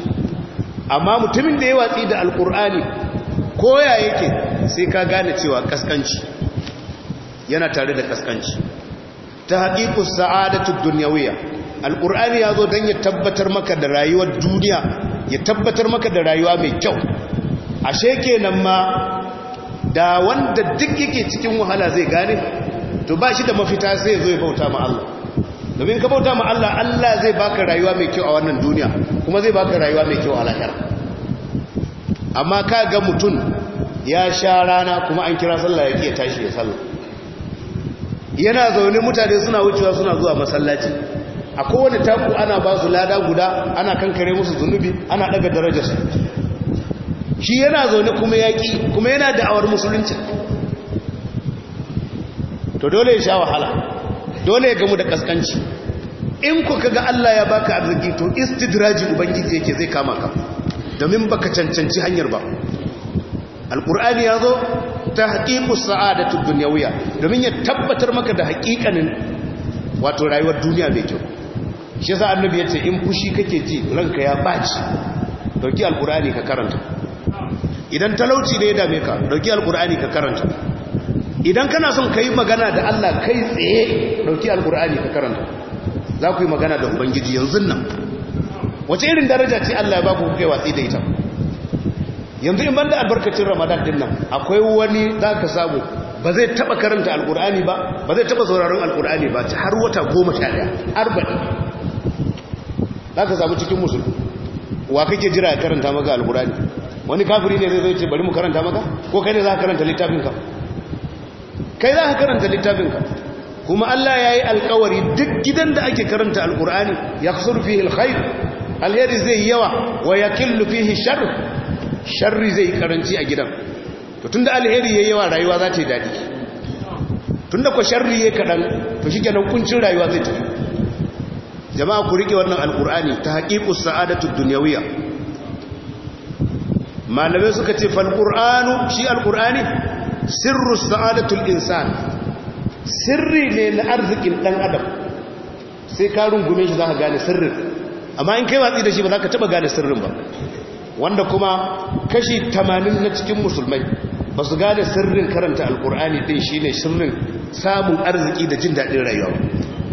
amma mutumin da ya watsi da alkur'ani koya yake sai ka gane cewa kaskanci yana tare da kaskanci ta haƙiƙu sa'adatu duniyawiya alƙur'ani ya zo don ya tabbatar maka da rayuwar duniya ya tabbatar maka da rayuwa mai kyau ashe kenan ma da wanda duk yake cikin wahala zai gane to ba shi da mafita sai zo ya bauta ma Allah domin ka bauta ma Allah Allah zai baka rayuwa mai kyau a wannan duniya kuma zai baka rayuwa mai kyau a lahira amma ka ga mutum ya sha rana kuma an kira sallah ya ke tashi ya sallah yana zaune mutane suna wucewa suna zuwa masallaci a kowane taku ana ba su lada guda ana kankare musu zunubi ana daga su shi yana zaune kuma yaƙi kuma yana da'awar musulunci to dole ya sha wahala dole ya gamu da kaskanci in ku ga Allah ya baka arziki to istidraji ubangiji yake zai kama ka domin baka cancanci hanyar ba Alƙur'ani ya zo ta haƙiƙu duniya wuya domin ya tabbatar maka da haƙiƙanin wato rayuwar duniya mai kyau shi yasa annabi ya ce in fushi kake ji ranka ya baci dauki Alƙur'ani ka karanta idan talauci ne ya dame ka dauki alkur'ani ka karanta idan kana son ka yi magana da Allah kai tsaye dauki alkur'ani ka karanta za ku yi magana da ubangiji yanzu nan wace irin daraja ce Allah ya ba ku kuke watsi da ita yanzu in banda albarkacin ramadan din nan akwai wani za ka samu ba zai taba karanta alkur'ani ba ba zai taba sauraron alkur'ani ba ta har wata goma sha daya arba'in za ka samu cikin musulmi wa kake jira karanta maka alkur'ani wani kafiri ne zai ce bari mu karanta maka ko kai ne za ka karanta ka? kai za ka karanta ka? kuma Allah ya yi alkawari duk gidan da ake karanta alkur'ani ya kusur fi alkhair alheri zai yawa wa ya killu fihi sharri sharri zai karanci a gidan to tunda alheri yayi yawa rayuwa za ta yi dadi tunda ko sharri yayi kadan to shikenan kuncin rayuwa zai tafi jama'a ku rike wannan alqur'ani ta haqiqus sa'adatud dunyawiyya malamai suka ce fal qur'anu shi alqur'ani sirru sa'adatul insan sirri ne na arzikin dan adam sai ka rungume shi za ka gane sirrin amma in kai watsi da shi ba za ka taba gane sirrin ba wanda kuma kashi 80 na cikin musulmai ba su gane sirrin karanta alkur'ani din shine sirrin samun arziki da jin daɗin rayuwa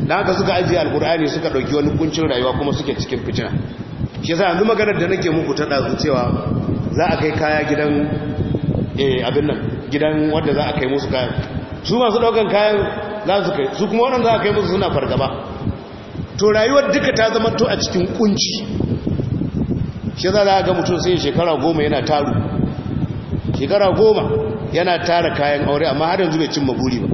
da haka suka ajiye alkur'ani suka ɗauki wani kuncin rayuwa kuma suke cikin fitina shi yasa yanzu maganar da nake muku ta ɗazu cewa za a kai kaya gidan eh, abin nan gidan wanda za a kai musu kayan su masu ɗaukan kayan za su kai su kuma waɗanda za a kai musu suna fargaba to rayuwar duka ta zama to a cikin kunci shi za a ga mutum sai shekara goma yana taru shekara goma yana tara kayan aure amma har yanzu bai cimma buri ba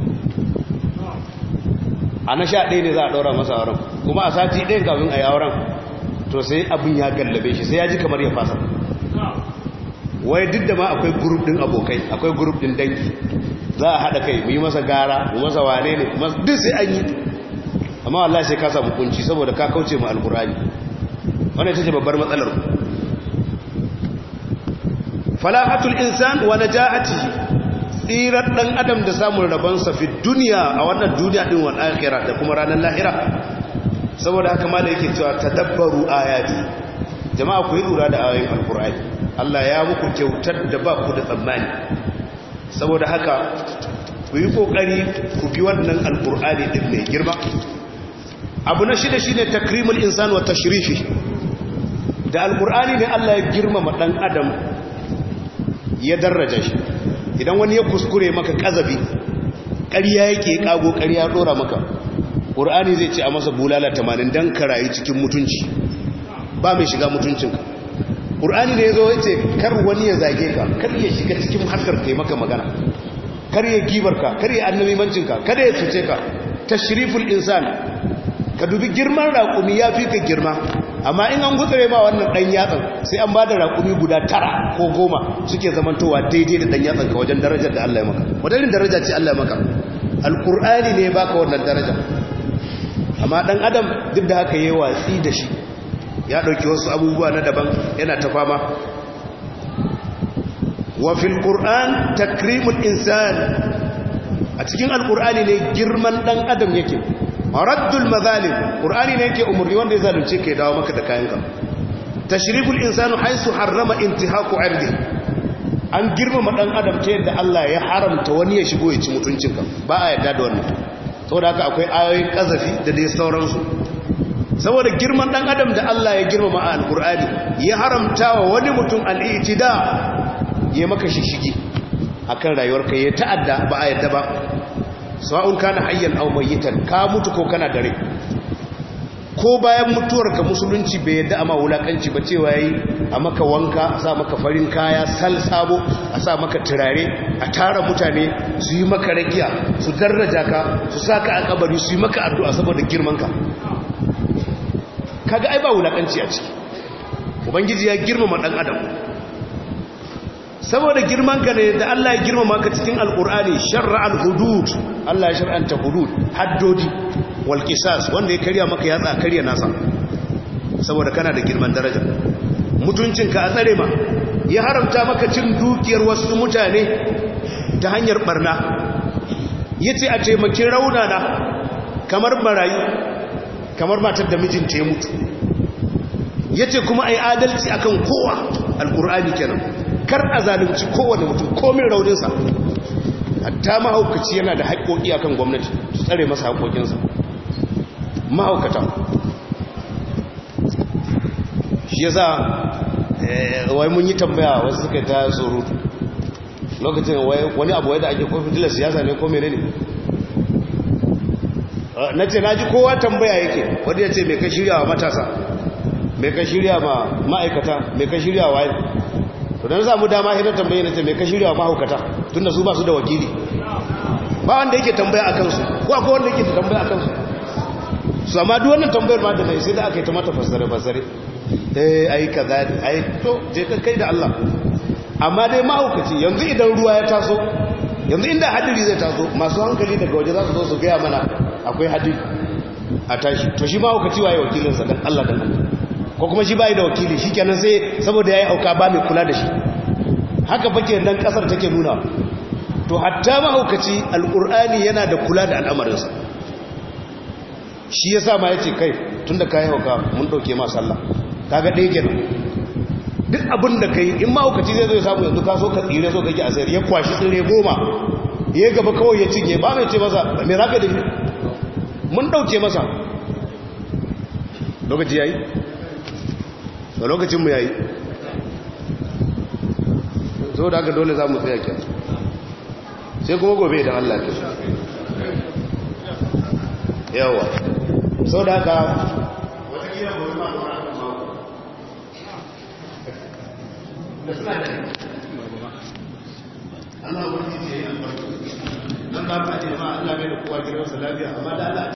a na sha ɗaya ne za a ɗaura masa auren kuma a sati ɗaya kafin a yi auren to sai abin ya gallabe shi sai ya ji kamar ya fasa wai duk da ma akwai gurup ɗin abokai akwai gurup ɗin dangi za a haɗa kai mu yi masa gara mu masa wane ne duk sai an yi amma Allah sai ka samu kunci saboda ka kauce mu alqur'ani wannan ita ce babbar matsalar falahatul insan wa najatihi tsirar dan adam da samun rabon sa fi duniya a wannan duniya din wal akhirah da kuma ranar lahira saboda haka mala yake cewa tadabbaru ayati jama'a ku yi lura da ayoyin alqur'ani Allah ya muku kyautar da ba ku da tsammani saboda haka ku yi kokari ku bi wannan alqur'ani din mai girma abu na shida shine takrimul insan wa tashrifi da alkur'ani ne Allah ya girmama dan adam ya daraja shi idan wani ya kuskure maka kazabi ƙarya yake kago ƙarya dora maka ƙur'ani zai ce a masa bulala tamanin dan karayi cikin mutunci ba mai shiga mutuncinka ƙur'ani ne yazo yace kar wani ya zage ka kar ya shiga cikin harkar kai maka magana kar ya gibarka kar ya annabi mancinka kada ya cuce ka tashriful insan ka dubi girman raƙumi ya fi ka girma amma in an gutsare ma wannan ɗan yatsan sai an bada da raƙumi guda tara ko goma suke zamantowa daidai da ɗan yatsan ka wajen darajar da Allah ya maka wadannan daraja ce Allah ya maka alƙur'ani ne ba baka wannan daraja amma ɗan adam duk da haka yi watsi da shi ya ɗauki wasu abubuwa na daban yana ta fama wafin qur'an takrimul insan a cikin alƙur'ani ne girman ɗan adam yake raddul mazalim qur'ani ne yake umurni wanda ya zalunce ka dawo maka da kayan ka tashriful insanu haisu harrama intihaku ardi an girmama dan adam ta yadda Allah ya haramta wani ya shigo ya ci mutuncin ka ba a yadda da wannan saboda haka akwai ayoyin kazafi da dai sauransu saboda girman dan adam da Allah ya girmama a alqur'ani ya haramta wa wani mutum al'itida ya maka shishigi akan rayuwar ka ya ta'adda ba a yadda ba sa’un kana hayyan mai yitar ka mutu ko kana dare ko bayan mutuwar ka musulunci bai yadda a mawulakanci ba cewa yi a maka wanka a sa maka farin kaya sal sabo a sa maka turare a tara mutane su yi maka rakiya su daraja ka su ka a kabari su yi maka addu'a saboda girman ka kaga ai ba wulakanci a ciki ubangiji ya girmama dan adam saboda girman ka ne da Allah ya girmama ka cikin alkur'ani sharra hudud Allah ya shar'anta hudud haddodi wal qisas wanda ya karya maka ya tsaka karya nasa saboda kana da girman daraja ka a tsare ma ya haramta maka cin dukiyar wasu mutane ta hanyar barna yace a taimakin raunana kamar barayi kamar matar da mijinta ya mutu yace kuma ai adalci akan kowa alkur'ani kenan kar a zalunci kowane mutum komin sa, hatta mahaukaci yana da haƙoƙi akan gwamnati su tsare masa haƙoƙinsa mahaukata shi ya za eh, wai mun yi tambaya wasu suka ta surutu lokacin wani abu da ake kofin dila siyasa ne ko mene ne eh, na ce na ji kowa tambaya yake wadda ya ce mai ka shirya matasa mai kan shirya ma ma'aikata mai kan shirya waye to dan samu dama tambayi na nace mai kan shirya wa mahaukata tunda su ba su da wakili ba wanda yake tambaya a kansu, ko akwai wanda yake tambaya a kansu. su amma duk wannan tambayar ma da mai sai da aka yi ta mata fassare fassare eh ai kaza ai to je ka kai da Allah amma dai mahaukaci yanzu idan ruwa ya taso yanzu inda hadiri zai taso masu hankali daga waje za su zo su gaya mana akwai hadiri a tashi to shi mahaukaci waye wakilinsa dan Allah dan Allah ko kuma shi bai da wakili shi kenan sai saboda ya yi auka ba mai kula da shi haka fake dan kasar take nuna to hatta aukaci alqur'ani yana da kula da al'amarinsa shi ya sa ma ya ce kai tunda kai hauka mun ɗauke ma sallah kaga ɗaya kenan duk abin da kai in aukaci zai zo ya samu yanzu ka so ka tsire so kake asir ya kwashi tsire goma ya gaba kawai ya cinye ba mai ce masa me za ka da mun ɗauke masa lokaci ya yi da lokacinmu ya yi so da aka dole za mu tsaya kyan sai kuma gobe idan Allah ke yawa so da aka Allah wani ce yi albarku, don ba ba ce ma Allah bai da kowa girmansa lafiya, amma da Allah